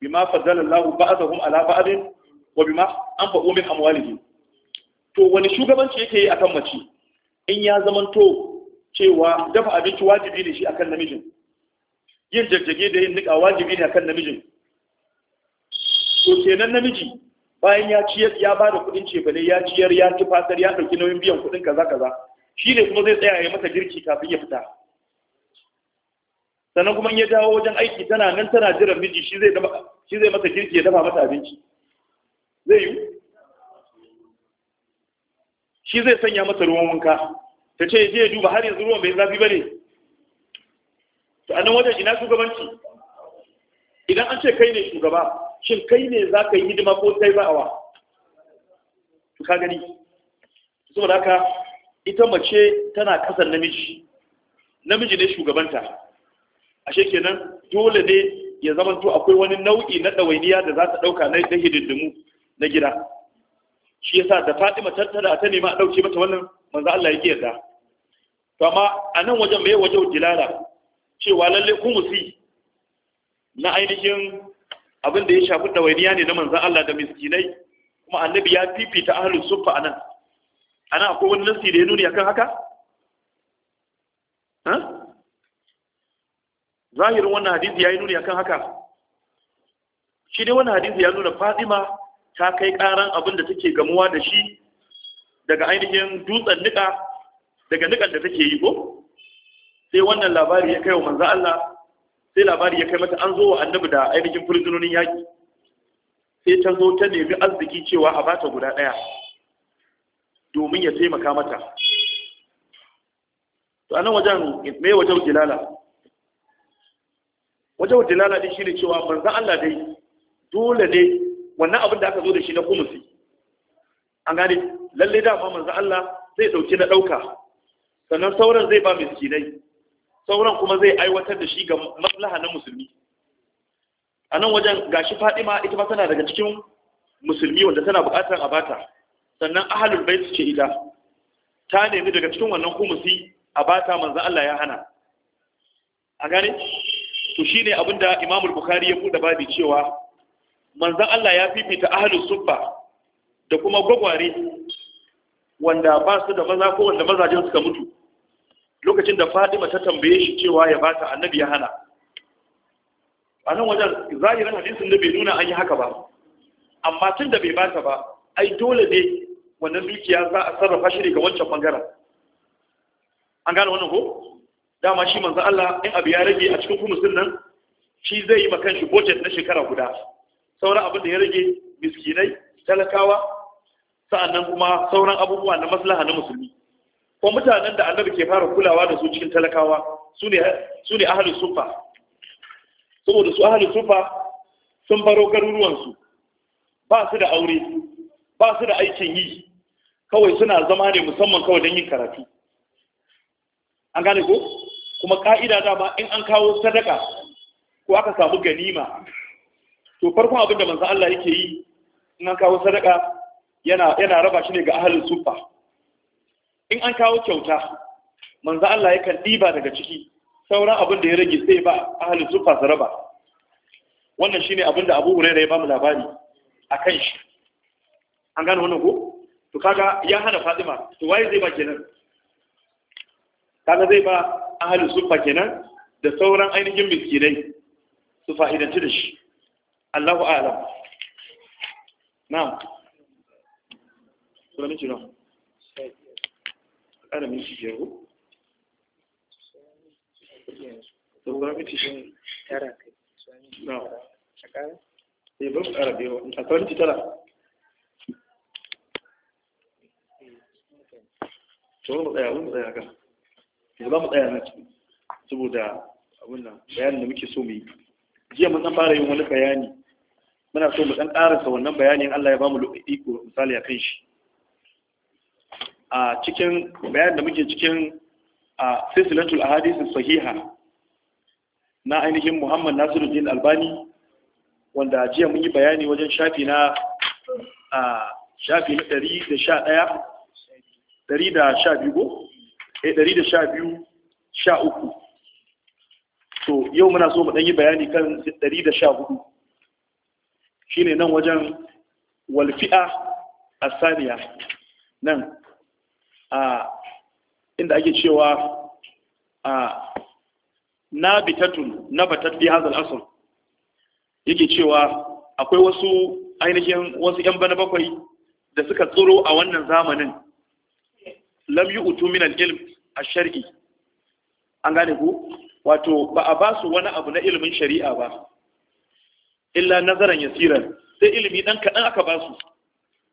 bima faddala Allahu ba'dahum 'ala ba'din wa bima anfaqu min amwalihim to wani shugabanci yake yi akan mace in ya zamanto cewa dafa abinci wajibi ne shi akan namijin yin jajjage da yin nika wajibi ne akan namijin to kenan namiji bayan ya ciyar ya ba da kuɗin cefane ya ciyar ya ci fasar ya ɗauki nauyin biyan kuɗin kaza kaza shi ne kuma zai tsaya ya masa girki kafin ya fita sannan kuma ya dawo wajen aiki tana nan tana jiran miji shi zai shi zai masa girki ya dafa masa abinci zai yi shi zai sanya masa ruwan wanka ta ce je duba har yanzu ruwan bai zafi ba ne to a nan wajen ina shugabanci idan an ce kai ne shugaba shin kai ne za ka yi hidima ko kai ba awa ka gani saboda haka ita mace tana kasar namiji namiji ne shugabanta ashe kenan dole ne ya zamanto akwai wani nau'i na ɗawainiya da za ta ɗauka na hidindimu na gida shi yasa da Fatima tattara ta nema a dauke mata wannan manzo Allah yake yarda to amma a nan wajen mai wajen dilala cewa lalle kumusi na ainihin abin da ya shafi ɗawainiya ne na manzan Allah da miskinai kuma annabi ya fifita ahlus suffa A ana akwai wani nasi da ya nuni akan haka zahirin wannan hadisi ya yi nuni akan haka shi ne wannan hadisi ya nuna Fatima ta kai karan abin da take gamuwa da shi daga ainihin dutsen nika daga nikan da take yi ko sai wannan labari ya kai wa manzan Allah sai labari ya kai mata an zo wa annabi da ainihin fursunonin yaƙi sai ta zo ta nemi arziki cewa a bata guda ɗaya domin ya taimaka mata to a nan wajen mai wajen dilala wajen dilala shi shine cewa manzon Allah dai dole ne wannan abin da aka zo da shi na kumusi an gane lalle dama manzon Allah zai ɗauki na ɗauka, sannan sauran zai ba miskinai sauran kuma zai aiwatar da shi ga maslaha na musulmi a nan wajen gashi fadima ita ma tana daga cikin musulmi wanda tana buƙatar a bata sannan ahalul bait ce ita ta nemi daga cikin wannan kumusi a bata manzo Allah ya hana a gane to shine abinda Imam bukhari ya bude babi cewa manzo Allah ya fifita ahalus subba da kuma gogware wanda ba su da maza ko wanda mazajen suka mutu lokacin da Fatima ta tambaye shi cewa ya ba ta, annabi ya hana a nan wajen zahirin hadisin da bai nuna an yi haka ba amma tun da bai bata ba ai dole ne wannan dukiya za a sarrafa shi ga wancan bangaren an gane wannan ko dama shi manzo Allah in abu ya rage a cikin kumusin nan shi zai yi makan shi budget na shekara guda sauran abin da ya rage miskinai talakawa sa'annan kuma sauran abubuwa na maslaha na musulmi ko mutanen da annabi ke fara kulawa da su cikin talakawa su ne ahalin sufa saboda su ahalin sufa sun baro garuruwansu ba su da aure ba su da aikin yi kawai suna zama ne musamman kawai don yin karatu an gane ko kuma ka'ida dama in an kawo sadaka ko aka samu ganima to farkon abin da manzan Allah yake yi in an kawo sadaka yana raba shi ne ga ahalin sufa in an kawo kyauta manzo Allah yakan diba daga ciki sauran abin da ya rage sai ba ahli sufa su raba wannan shine abin da Abu Hurairah ya ba mu labari akan shi an gane wannan ko to kaga ya hana Fatima to waye zai ba kenan kaga zai ba ahli sufa kenan da sauran ainihin miskinai su fa'idanci da shi Allahu a'lam na'am sunan shi na'am ƙara minti biyar ko? Saura shi. Tara kai. Na. a eh, tsaya, tsaya ka. tsaya na saboda abin nan bayanin da muke so mu yi. Jiya mun fara yin wani bayani. Muna so mu ɗan ƙarasa wannan bayanin Allah ya ba mu iko misali a kan shi. a cikin bayan da muke cikin a silsilatul ahadith sahiha na ainihin Muhammad Nasiruddin Albani wanda jiya mun yi bayani wajen shafi na a shafi na 111 112 go biyu, sha uku, to yau muna so mu dan yi bayani kan 114 shine nan wajen walfi'a asaniya nan a inda ake cewa a na bitatun na batat fi hazal asr yake cewa akwai wasu ainihin wasu yan bana bakwai da suka tsoro a wannan zamanin lam yu'tu min ilm a shari an gane ku wato ba a ba su wani abu na ilimin shari'a ba illa nazaran yasiran sai ilimi dan kadan aka ba su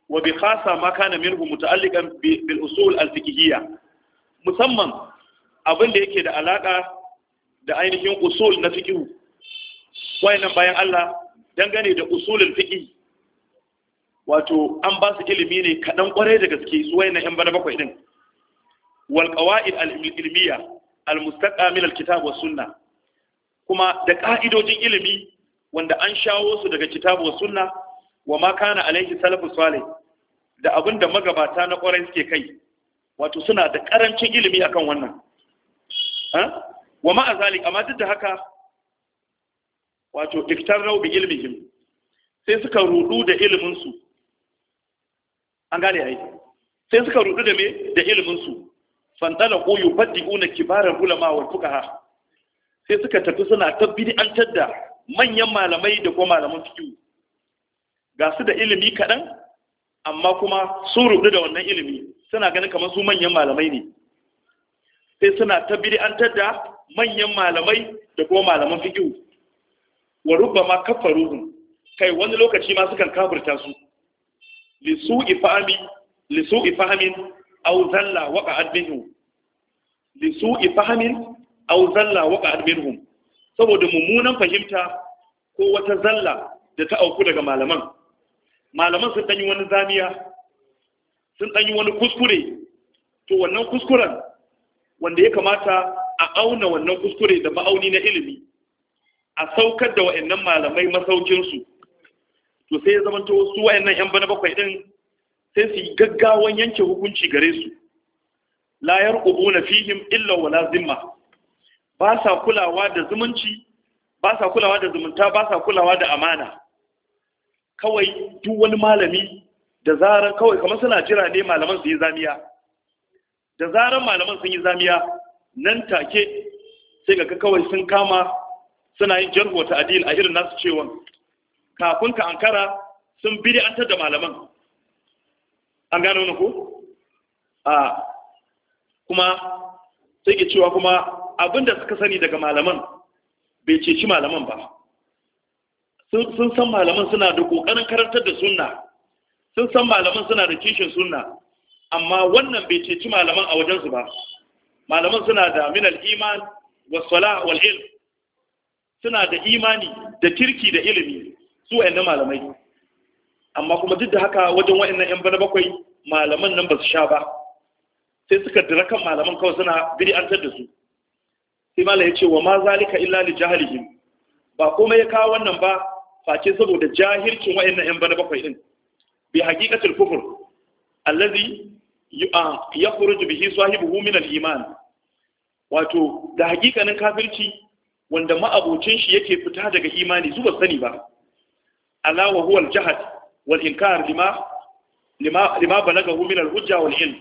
wa bi khasa ma kana minhu muta'alliqan bil usul al musamman abin da yake da alaka da ainihin usul na fiqh wayannan bayan Allah dangane da usulul fiqh wato an ba su ilimi ne kaɗan kware da gaske su wayannan yan bana bakwai din wal qawaid al ilmiya al mustaqa min al kitab was sunna kuma da ka'idojin ilimi wanda an shawo su daga kitab was sunna wa ma kana alaihi salafu salih da abin da magabata na ƙwarai suke kai wato suna da ƙarancin ilimi akan wannan wa ma azali amma duk da haka wato iftarau bi ilmihim sai suka rudu da ilimin su an gane ai sai suka rudu da me da ilimin su fandala ko yubaddiuna kibaran ulama wa fuqaha sai suka tafi suna ta an tadda manyan malamai da kuma malaman fiqh ga su da ilimi kaɗan amma kuma sun rubu da wannan ilimi suna ganin kamar su manyan malamai ne sai suna ta bid'antar da manyan malamai da kuma malaman fiqh wa kafa ruhun kai wani lokaci ma sukan kafirta su Lissu ifahamin au zalla waka minhu lisu'i ifahamin au zalla saboda mummunan fahimta ko wata zalla da ta auku daga malaman malaman sun ɗanyi wani zamiya sun ɗanyi wani kuskure to wannan kuskuren wanda ya kamata a auna wannan kuskure da ma'auni na ilimi a saukar da wa'annan malamai masaukinsu to sai ya zamanto su wa'annan 'yan bana bakwai ɗin sai su yi gaggawan yanke hukunci gare su layar ubu na fihim illa wala zimma ba sa kulawa da zumunci ba sa kulawa da zumunta ba sa kulawa da amana kawai duk wani malami da zarar kawai kamar suna jira ne malaman su yi zamiya da zarar malaman sun yi zamiya nan take sai ga kawai sun kama suna yin jarhu ta adil a irin nasu cewa kafin ka ankara sun biri an da malaman an gano na ko a kuma sai ke cewa kuma abinda suka sani daga malaman bai ceci malaman ba sun san malaman suna da kokarin karantar da sunna sun san malaman suna da kishin sunna amma wannan bai ceci malaman a wajensu ba malaman suna da minal iman sala wal ilm suna da imani da kirki da ilimi su wayannan malamai amma kuma duk da haka wajen wayannan yan bana bakwai malaman nan ba su sha ba sai suka dira kan malaman kawai suna bid'antar da su sai malai ya ce wa ma zalika illa li jahlihim ba komai ya kawo wannan ba face saboda jahilcin wayannan yan bana bakwai din bi haqiqatul kufur allazi yakhruju bihi sahibuhu min al-iman wato da hakikanin kafirci wanda ma'abocin shi yake fita daga imani zuwa sani ba ala wa huwa al jahad wal inkar lima lima lima balagahu min al-hujja wal ilm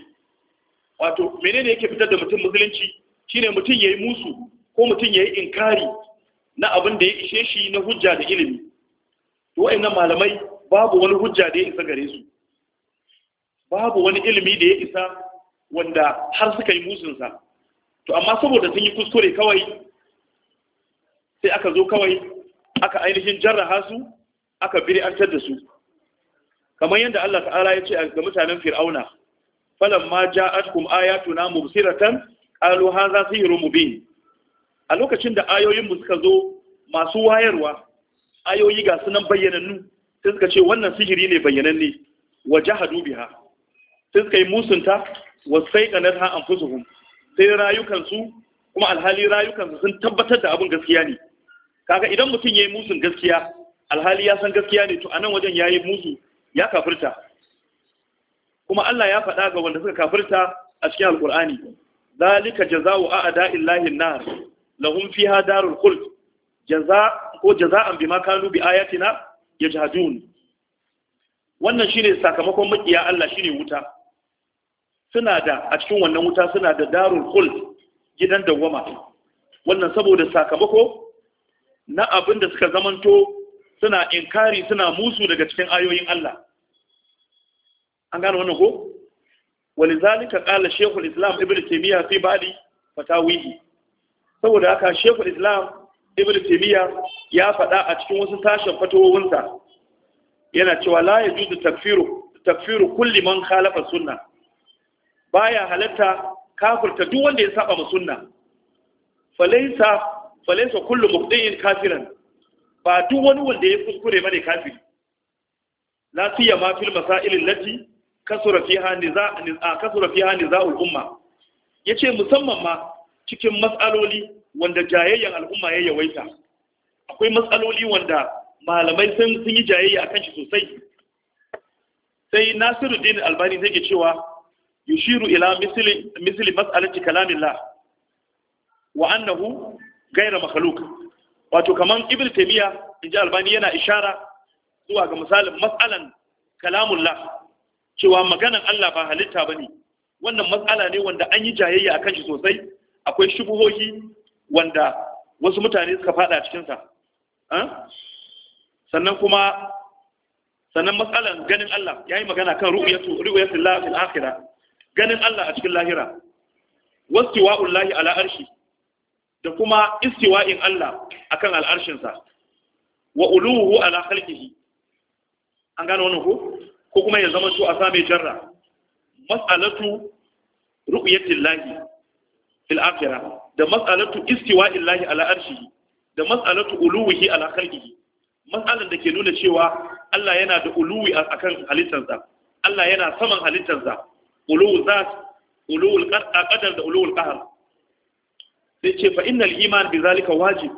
wato menene yake fitar da mutum musulunci shine mutum yayi musu ko mutum yayi inkari na abin da ya ishe shi na hujja da ilimi to wayannan malamai babu wani hujja da ya isa gare su babu wani ilimi da ya isa wanda har suka yi musunsa to amma saboda sun yi kuskure kawai sai aka zo kawai aka ainihin jarraha su aka bir'antar da su kamar yadda Allah ta'ala ya ce ga mutanen fir'auna falamma ja'atkum ayatuna mubsiratan qalu hadha sihrun mubin a lokacin da ayoyin mu suka zo masu wayarwa ayoyi ga sunan bayyanannu sai suka ce wannan sihiri ne bayyananne wa jahadu biha sai suka yi musunta wa saiqanat ha anfusuhum sai rayukan su kuma alhali rayukan su sun tabbatar da abin gaskiya ne kaga idan mutum yayi musun gaskiya alhali ya san gaskiya ne to anan wajen yayi musu ya kafirta kuma Allah ya faɗa ga wanda suka kafirta a cikin alkur'ani zalika jazaa'u a'da'illahi an-nar lahum fiha darul khuld jaza ko jaza'an bi kanu bi ayatina yajhadun wannan shine sakamakon makiya Allah shine wuta suna da a cikin wannan wuta suna da darul khuld gidan dawwama wannan saboda sakamako na abin da suka zamanto suna inkari suna musu daga cikin ayoyin Allah an gane wannan ko walizalika qala shaykhul islam ibnu taymiya fi bali fatawihi saboda haka shaykhul islam ibn timiya ya faɗa a cikin wasu tashin fatawowinsa yana cewa la Juju, takfiru takfiru kulli man khalafa sunna baya halatta kafirta duk wanda ya saba ma sunna falaysa falaysa kullu mubtadi'in kafiran ba duk wani wanda ya kuskure bane kafiri la ma fil masail allati kasura fiha niza' kasura fiha niza'ul umma yace musamman ma cikin mas'aloli. wanda jayayyan al'umma ya yawaita akwai matsaloli wanda malamai sun sun yi jayayya a shi sosai sai nasiruddin albani zai ke cewa yushiru ila misli misli mas'alati kalamillah wa annahu ghayra makhluq wato kaman Taimiyya in ji albani yana ishara zuwa ga misalin mas'alan kalamullah cewa maganan Allah ba halitta bane wannan matsala ne wanda an yi jayayya akan shi sosai akwai shubuhohi wanda wasu mutane suka fada cikinsa sannan kuma sannan matsalan ganin Allah ya yi magana kan ru'yatu ru'yatul lahi fil akhirah ganin Allah a cikin lahira wastiwa'ul lahi ala arshi da kuma istiwa'in Allah akan al'arshin sa wa uluhu ala khalqihi an gano wannan ko ko kuma ya zama to a same jarra mas'alatu ru'yatul lahi fil akhirah da mas'alatu istiwa'illahi ala arshihi da mas'alatu uluwihi ala khalqihi da ke nuna cewa Allah yana da uluwi akan halittarsa Allah yana saman halittarsa uluwu zat uluwul qadar da uluwul qahr sai ce fa innal iman bi zalika wajib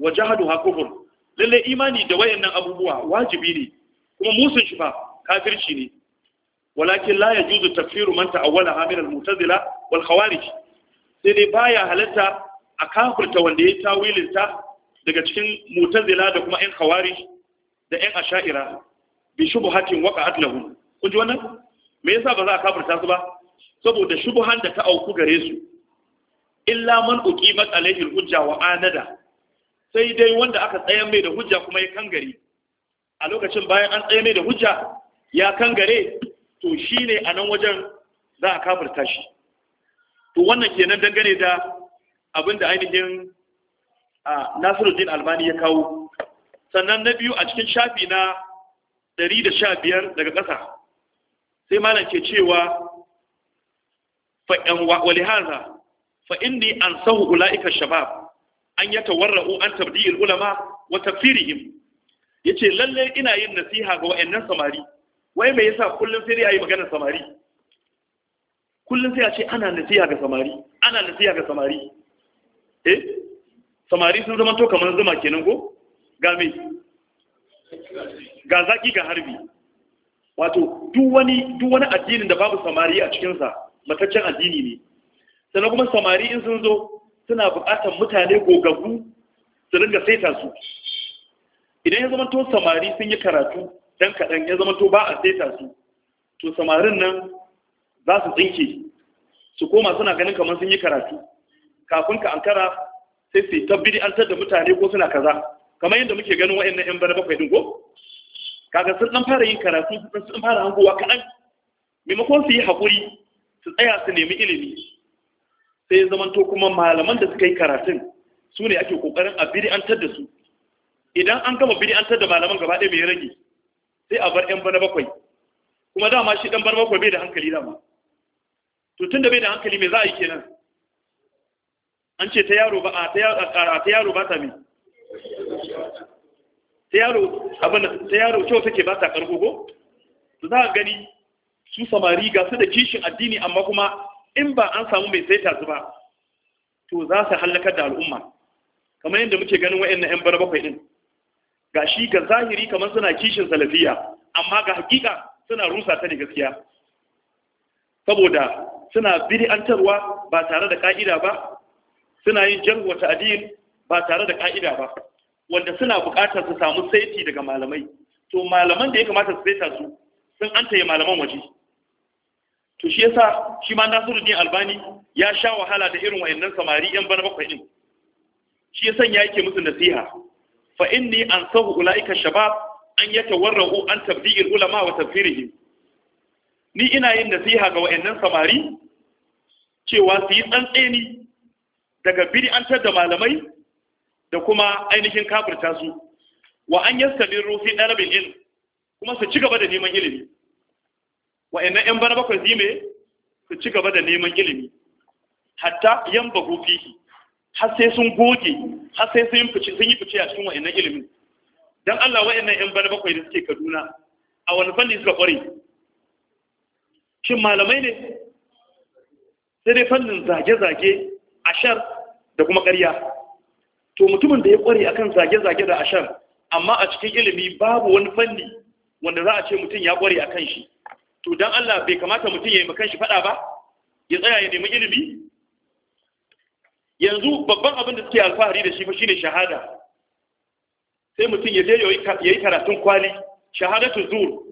wa jahaduha kufr lalle imani da wayannan abubuwa wajibi ne kuma musun shi fa kafirci ne walakin la yajuzu tafsiru man ta'awwala min al-mu'tazila wal khawarij sai dai baya halatta a kafirta wanda ya yi ta daga cikin mutazila da kuma 'yan kawari da 'yan asha'ira bi shubuhatin waqa'at lahum kun ji wannan me yasa ba za a kafirta su ba saboda shubuhan da ta auku gare su illa man uki matsalahin hujja wa anada sai dai wanda aka tsayar mai da hujja kuma ya kangare a lokacin bayan an tsayar mai da hujja ya kangare to shine a nan wajen za a kafirta shi to wannan kenan dangane da abin da ainihin nasiruddin albani ya kawo sannan na biyu a cikin shafi na 115 daga ƙasa sai malam ke cewa walihaza fa inni an sahu ula'ika shabab an yata warra'u an tabdi'il ulama wa Ya ce lallai ina yin nasiha ga wa'annan samari wai me yasa kullum sai yayi maganar samari kullum sai a ce ana nasiya ga samari ana nasiya ga samari eh samari sun zama to kamar zuma kenan ko ga me ga zaki ga harbi wato duk wani duk wani addinin da babu samari a cikin sa mataccen addini ne sannan kuma samari in sun zo suna buƙatar mutane gogaggu su dinga saita su idan ya zama to samari sun yi karatu dan kaɗan ya zama to ba a saita su to samarin nan za su tsinke su koma suna ganin kamar sun yi karatu kafin ka ankara sai su tabbidi an da mutane ko suna kaza kamar yadda muke ganin wa'annan yan bana bakwai din ko kaga sun dan fara yin karatu sun sun fara hangowa kaɗan maimakon su yi haƙuri su tsaya su nemi ilimi sai zamanto kuma malaman da suka yi karatun su ne ake ƙoƙarin a bid'antar da su idan an gama bid'antar da malaman gaba ɗaya mai rage sai a bar yan bana bakwai kuma dama shi dan bana bakwai bai da hankali dama to tun da bai da hankali mai za a yi kenan an ce ta yaro ba ta yaro ba ta mi ta yaro kyau take ba ta karko ko za a gani su samari ga su da kishin addini amma kuma in ba an samu mai saita su ba to za su hallakar da al'umma kamar yadda muke ganin na 'yan bar bakwai din ga shi ga zahiri kamar suna kishin salafiya amma ga hakika suna rusa ta da gaskiya saboda suna bid'antarwa ba tare da ka'ida ba suna yin jarwa adil ba tare da ka'ida ba wanda suna buƙatar su samu saiti daga malamai to malaman da ya kamata su saita su sun an taye malaman waje to shi yasa shi ma Nasiruddin Albani ya sha wahala da irin wayannan samari yan bana bakwai din shi yasan ya yake musu nasiha fa inni ansahu ulaika shabab an yatawarra'u an tabdi'il ulama wa tafsirihim ni ina yin nasiha ga wa'annan samari cewa su yi tsantseni daga bid'antar da malamai da kuma ainihin kafirta su wa an rufi fi dalabil ilm kuma su ci gaba da neman ilimi wa'annan yan bana bakwai zime su ci gaba da neman ilimi hatta yan bagu fihi har sai sun goge har sai sun fice sun yi fice a cikin wa'annan ilimin dan Allah wa'annan yan bana bakwai da suke Kaduna a wani fanni suka kware shin malamai ne sai dai fannin zage-zage ashar da kuma karya. to mutumin da ya ƙware akan zage-zage da ashar amma a cikin ilimi babu wani fanni wanda za a ce mutum ya ƙware akan shi to don Allah bai kamata mutum ya yi makan shi faɗa ba ya tsaya ya nemi ilimi yanzu babban abin da suke alfahari da shi fa shine shahada sai mutum ya je ya yi karatun kwali shahadatu zuru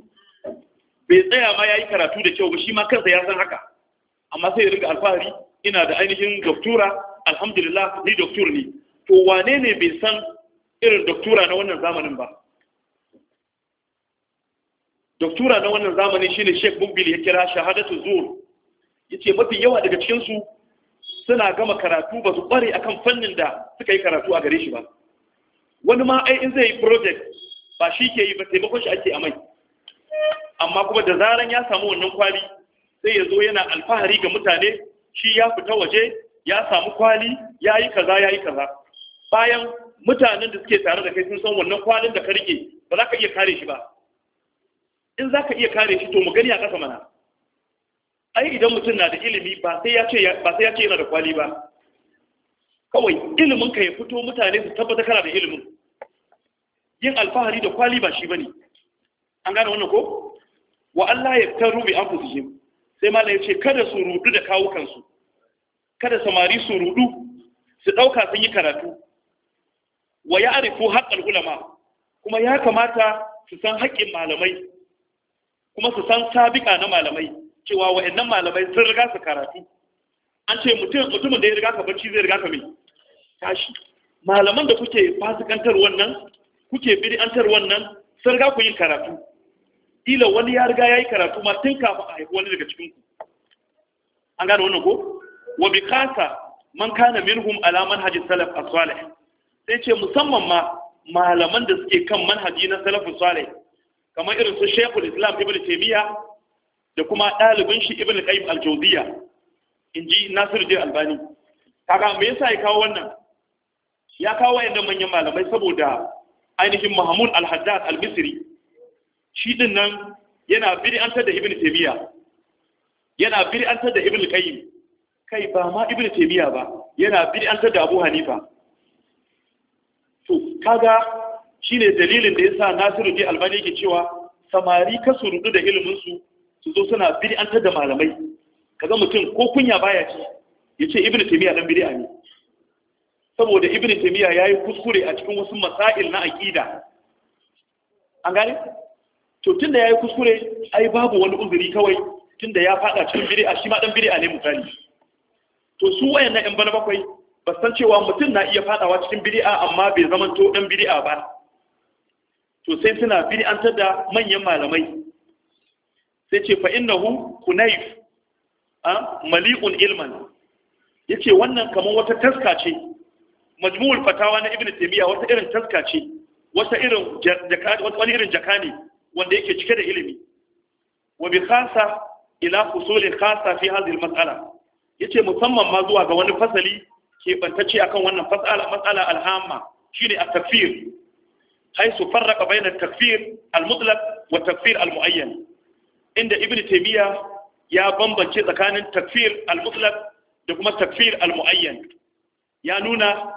bai tsaya ma ya yi karatu da kyau ba shi ma kansa ya san haka amma sai ya riga alfahari ina da ainihin doktura alhamdulillah ni Doktura ne to wane ne bai san irin doktura na wannan zamanin ba doktura na wannan zamanin shine Sheikh Bukbil ya kira shahadatu ya ce mafi yawa daga cikinsu suna gama karatu ba su a kan fannin da suka yi karatu a gare shi ba wani ma ai in zai yi project ba shi ke yi ba taimakon shi ake a mai. amma kuma da zaran ya samu wannan kwali sai ya zo yana alfahari ga mutane shi ya fita waje ya samu kwali ya yi kaza ya yi kaza bayan mutanen da suke tare da kai sun san wannan kwalin da ka rike ba za ka iya kare shi ba in za ka iya kare shi to mu gani a ƙasa mana ai idan mutum na da ilimi ba sai ya ce yana da kwali ba kawai ilimin ka ya fito mutane su tabbatar kana da ilimin yin alfahari da kwali ba shi ba ne. an gane wannan ko wa Allah ya tarru bi anfusihim sai ma ya ce kada su rudu da kawo kansu kada samari su rudu su dauka sun yi karatu wa ya'rifu haqqal ulama kuma ya kamata su san haƙƙin malamai kuma su san sabiƙa na malamai cewa wa'annan malamai sun riga su karatu an ce mutumin da ya riga ka bacci zai riga ka mai tashi malaman da kuke fasikantar wannan kuke bid'antar wannan sun riga ku yin karatu ila wani ya riga ya yi karatu ma tun kafin a haifi wani daga cikin ku an gane wannan ko wa bi kasa man kana minhum ala manhaji salaf as-salih sai ce musamman ma malaman da suke kan manhaji na salaf as kamar irin su Sheikhul Islam Ibn Taymiyyah da kuma ɗalibin shi Ibn Qayyim al ji inji Nasiruddin Albani kaga me yasa ya kawo wannan ya kawo yadda manyan malamai saboda ainihin Mahmud al-Haddad al-Misri shi din nan yana bid'antar da ibn taymiya yana bid'antar da ibn qayyim kai ba ma ibn taymiya ba yana bid'antar da abu hanifa to kaga shine dalilin da yasa nasiruddin albani ke cewa samari kasu rudu da ilimin su su zo suna bid'antar da malamai kaga mutum ko kunya baya ci yace ibn taymiya dan bid'a ne saboda ibn taymiya yayi kuskure a cikin wasu masail na aqida an gane to ya yi kuskure ai babu wani uzuri kawai tun da ya fada cikin biri'a, shi ma dan biri'a ne misali to su wayannan yan bana bakwai ba san cewa mutum na iya fadawa cikin bid'a amma bai zama to dan biri'a ba to sai suna an da manyan malamai sai ce fa innahu kunayf a mali'un ilman yace wannan kamar wata taska ce majmu'ul fatawa na ibnu taymiya wata irin taska ce wata irin jaka irin jaka ne wanda yake cike da ilimi wa bi khasa ila husuli khasa fi hadhihi al-mas'ala yace musamman ma zuwa ga wani fasali ke akan wannan fasala mas'ala al-hamma shine at-takfir haythu farraqa bayna at-takfir al-mutlaq wa at-takfir al-mu'ayyan inda ibn taymiya ya bambance tsakanin takfir al-mutlaq da kuma takfir al-mu'ayyan ya nuna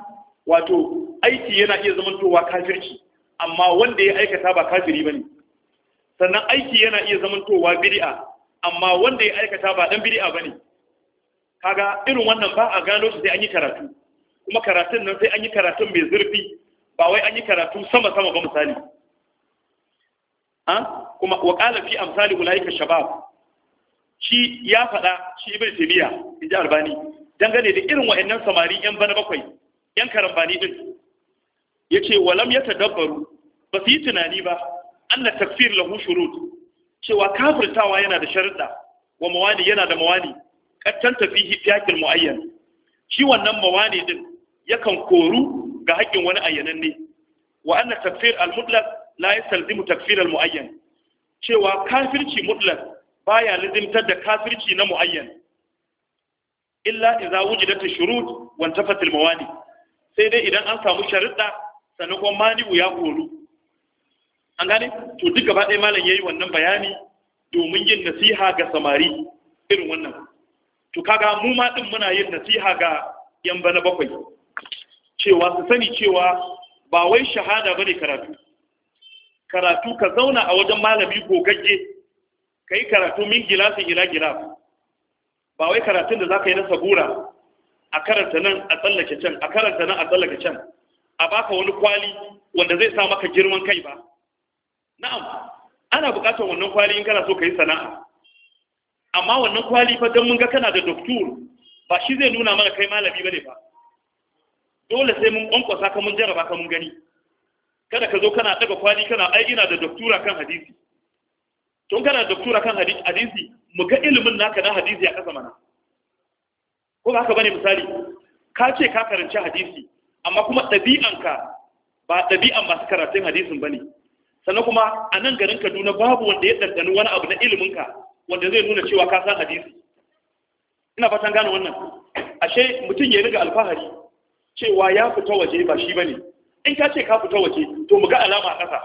wato aiki yana iya zamantowa kafirci amma wanda ya aikata ba kafiri bane sannan aiki yana iya zamantowa bid'a amma wanda ya aikata ba dan bid'a bane kaga irin wannan ba a gano shi sai an yi karatu kuma karatun nan sai an yi karatun mai zurfi ba wai an yi karatu sama sama ba misali ah, kuma wa qala fi amsali ulaika shabab shi ya faɗa shi ibn tabiya inji albani dangane da irin wa'annan samari yan bana bakwai yan karambani din yace walam yatadabbaru ba su yi tunani ba anna takfir lahu shurut cewa kafirtawa yana da sharuɗa wa mawani yana da mawani kattan tafihi fiyakin mu'ayyan shi wannan mawani din yakan koru ga haƙƙin wani ayyananne wa anna takfir al-mutlaq la yastalzimu takfir al-mu'ayyan cewa kafirci mutlaq baya lazimtar da kafirci na mu'ayyan illa idza wujidat ash-shurut wa intafat al-mawani sai dai idan an samu sharuɗa sannan kuma mani'u ya koru an gane to duk gaba ɗaya malam yayi wannan bayani domin yin nasiha ga samari irin wannan to kaga mu ma din muna yin nasiha ga yan bana bakwai cewa su sani cewa ba wai shahada bane karatu karatu ka zauna a wajen malami gogagge kai karatu min gilasin ila gilaf ba wai karatun da zaka yi na sabura a karanta nan a tsallake can a karanta nan a tsallake can a baka wani kwali wanda zai sa maka girman kai ba na'am ana buƙatar wannan kwali in kana so ka yi sana'a amma wannan kwali fa don mun ga kana da doctor ba shi zai nuna mana kai malami bane ba dole sai mun kwankwasa ka mun jaraba ka mun gani kada ka zo kana daga kwali kana ai ina da doctor kan hadisi tun kana da doctor kan hadisi mu ga ilimin naka na hadisi a kasa mana ko ba ka bane misali ka ce ka karanci hadisi amma kuma ɗabi'anka ba ɗabi'an masu karatun hadisin bane sannan kuma a nan garin kaduna babu wanda ya ɗanɗani wani abu na iliminka wanda zai nuna cewa ka san hadisi ina fatan gane wannan ashe mutum ya riga alfahari cewa ya fita waje ba shi bane in ka ce ka fita waje to mu ga alama a ƙasa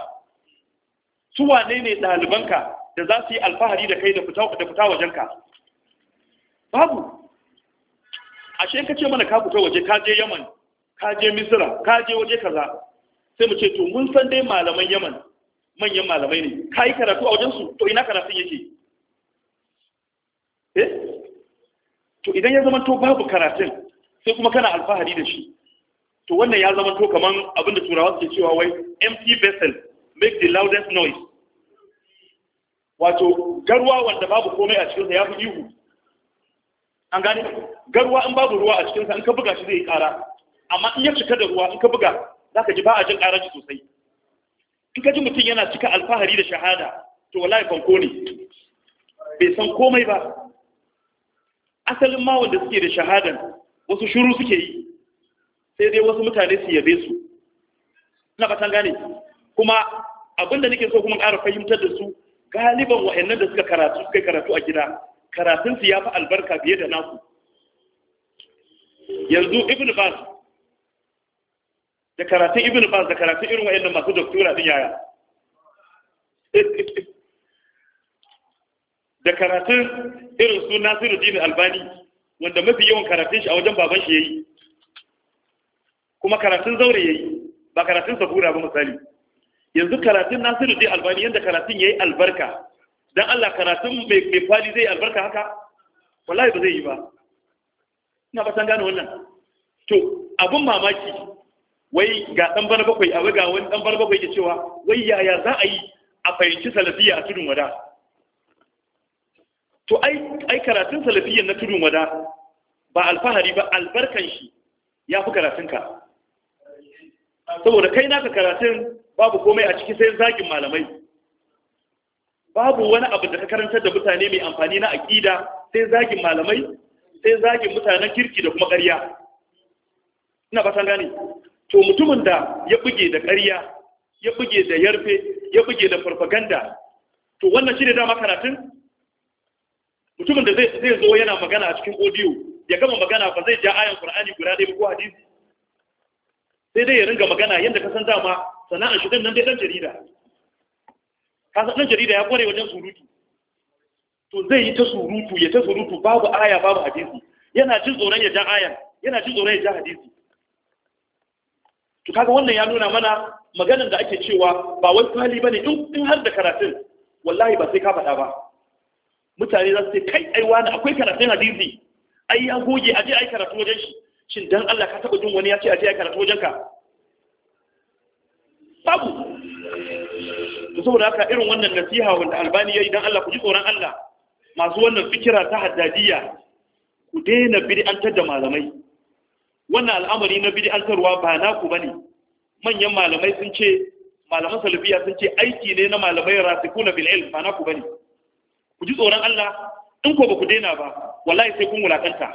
su wane ne ɗalibanka da za su yi alfahari da kai da fita wajenka babu ashe ka ce mana ka fita waje ka je yaman ka je misira ka je waje kaza sai mu ce to mun san dai malaman yaman manyan malamai ne ka yi karatu a wajensu to ina karatun yake eh to idan ya zama to babu karatun sai kuma kana alfahari da shi to wannan ya zama to kaman abinda turawa suke cewa wai empty vessel make the loudest noise wato garwa wanda babu komai a cikinsa ya fi ihu an gane garwa in babu ruwa a cikinsa in ka buga shi zai yi kara amma in ya cika da ruwa in ka buga za ka ji ba a jin karanci sosai Kika ji mutum yana cika alfahari da shahada to wallahi fanko ne bai san komai ba asalin ma wanda suke da shahadan wasu shuru suke yi sai dai wasu mutane su yabe su ina fatan gane kuma abinda nake so kuma ƙara fahimtar da su galiban wa'annan da suka karatu suka karatu a gida karatun su ya fi albarka fiye da nasu. yanzu ibn bas da karatun ibn bas da karatun irin wa'annan masu doktora din yaya da karatun irin su nasiru albani wanda mafi yawan karatun shi a wajen baban shi yayi kuma karatun zaure yayi ba karatun sabura ba misali yanzu karatun nasiru albani yanda karatun yayi albarka dan Allah karatun mai fali zai albarka haka wallahi ba zai yi ba ina ba san gane wannan to abun mamaki wai ga dan bana bakwai a ga wani dan bana bakwai ke cewa wai yaya za a yi a fahimci salafiya a tudun wada to ai ai karatun salafiyyan na tudun wada ba alfahari ba albarkan shi ya fi karatun ka saboda kai naka karatun babu komai a ciki sai zagin malamai babu wani abu da ka karantar da mutane mai amfani na aƙida sai zagin malamai sai zagin mutanen kirki da kuma ƙarya ina ba san gane to mutumin da ya buge da ƙarya ya buge da yarfe ya buge da farfaganda to wannan shi ne dama karatun mutumin da zai zo yana magana a cikin audio ya gama magana ba zai ja ayan qur'ani guda ɗaya ko hadisi sai dai ya ringa magana yadda ka san dama sana'ar shi nan dai dan jarida ka san dan jarida ya kware wajen surutu to zai yi ta surutu ya ta surutu babu aya babu hadisi yana jin tsoron ya ja ayan yana jin tsoron ya ja hadisi to kaga wannan ya nuna mana maganar da ake cewa ba wai kwali bane in in har da karatun wallahi ba sai ka faɗa ba mutane za su ce kai ai wani akwai karatun hadisi ai ya goge a je ai karatu wajen shi shin dan Allah ka taɓa jin wani ya ce a je ai karatu wajen ka babu to saboda haka irin wannan nasiha wanda albani yayi dan Allah ku ji tsoron Allah masu wannan fikira ta haddadiya ku daina bid'antar da malamai wannan al'amari na bid'antarwa ba naku bane manyan malamai sun ce malaman salafiya sun ce aiki ne na malamai rasikuna bil ilm ba naku bane ku ji tsoron Allah in ko ba ku daina ba wallahi sai kun wulakanta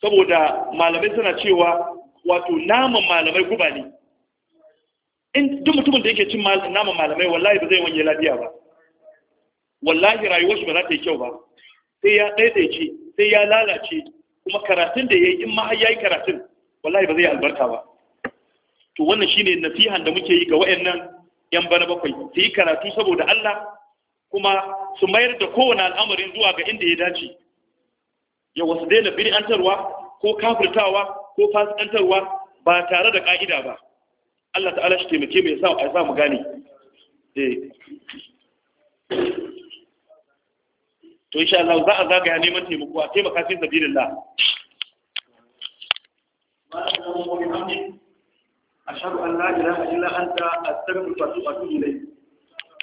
saboda malamai suna cewa wato naman malamai guba ne in duk mutumin da yake cin naman malamai wallahi ba zai wanye lafiya ba wallahi rayuwar shi ba za ta yi kyau ba sai ya daidaice sai ya lalace kuma karatun da ya yi in ma ya yi karatun wallahi ba zai albarka ba to wannan shine nasihan da muke yi ga wayannan yan bana bakwai su yi karatu saboda Allah kuma su mayar da kowane al'amarin zuwa ga inda ya dace ya wasu daina bir'antarwa ko kafirtawa ko fasikantarwa ba tare da ka'ida ba Allah ta'ala shi taimake mu ya sa mu gane eh to insha Allah za a zagaya neman taimako a taimaka fi sabilillah أشهد أن لا إله إلا أنت أستغفرك وأتوب إليك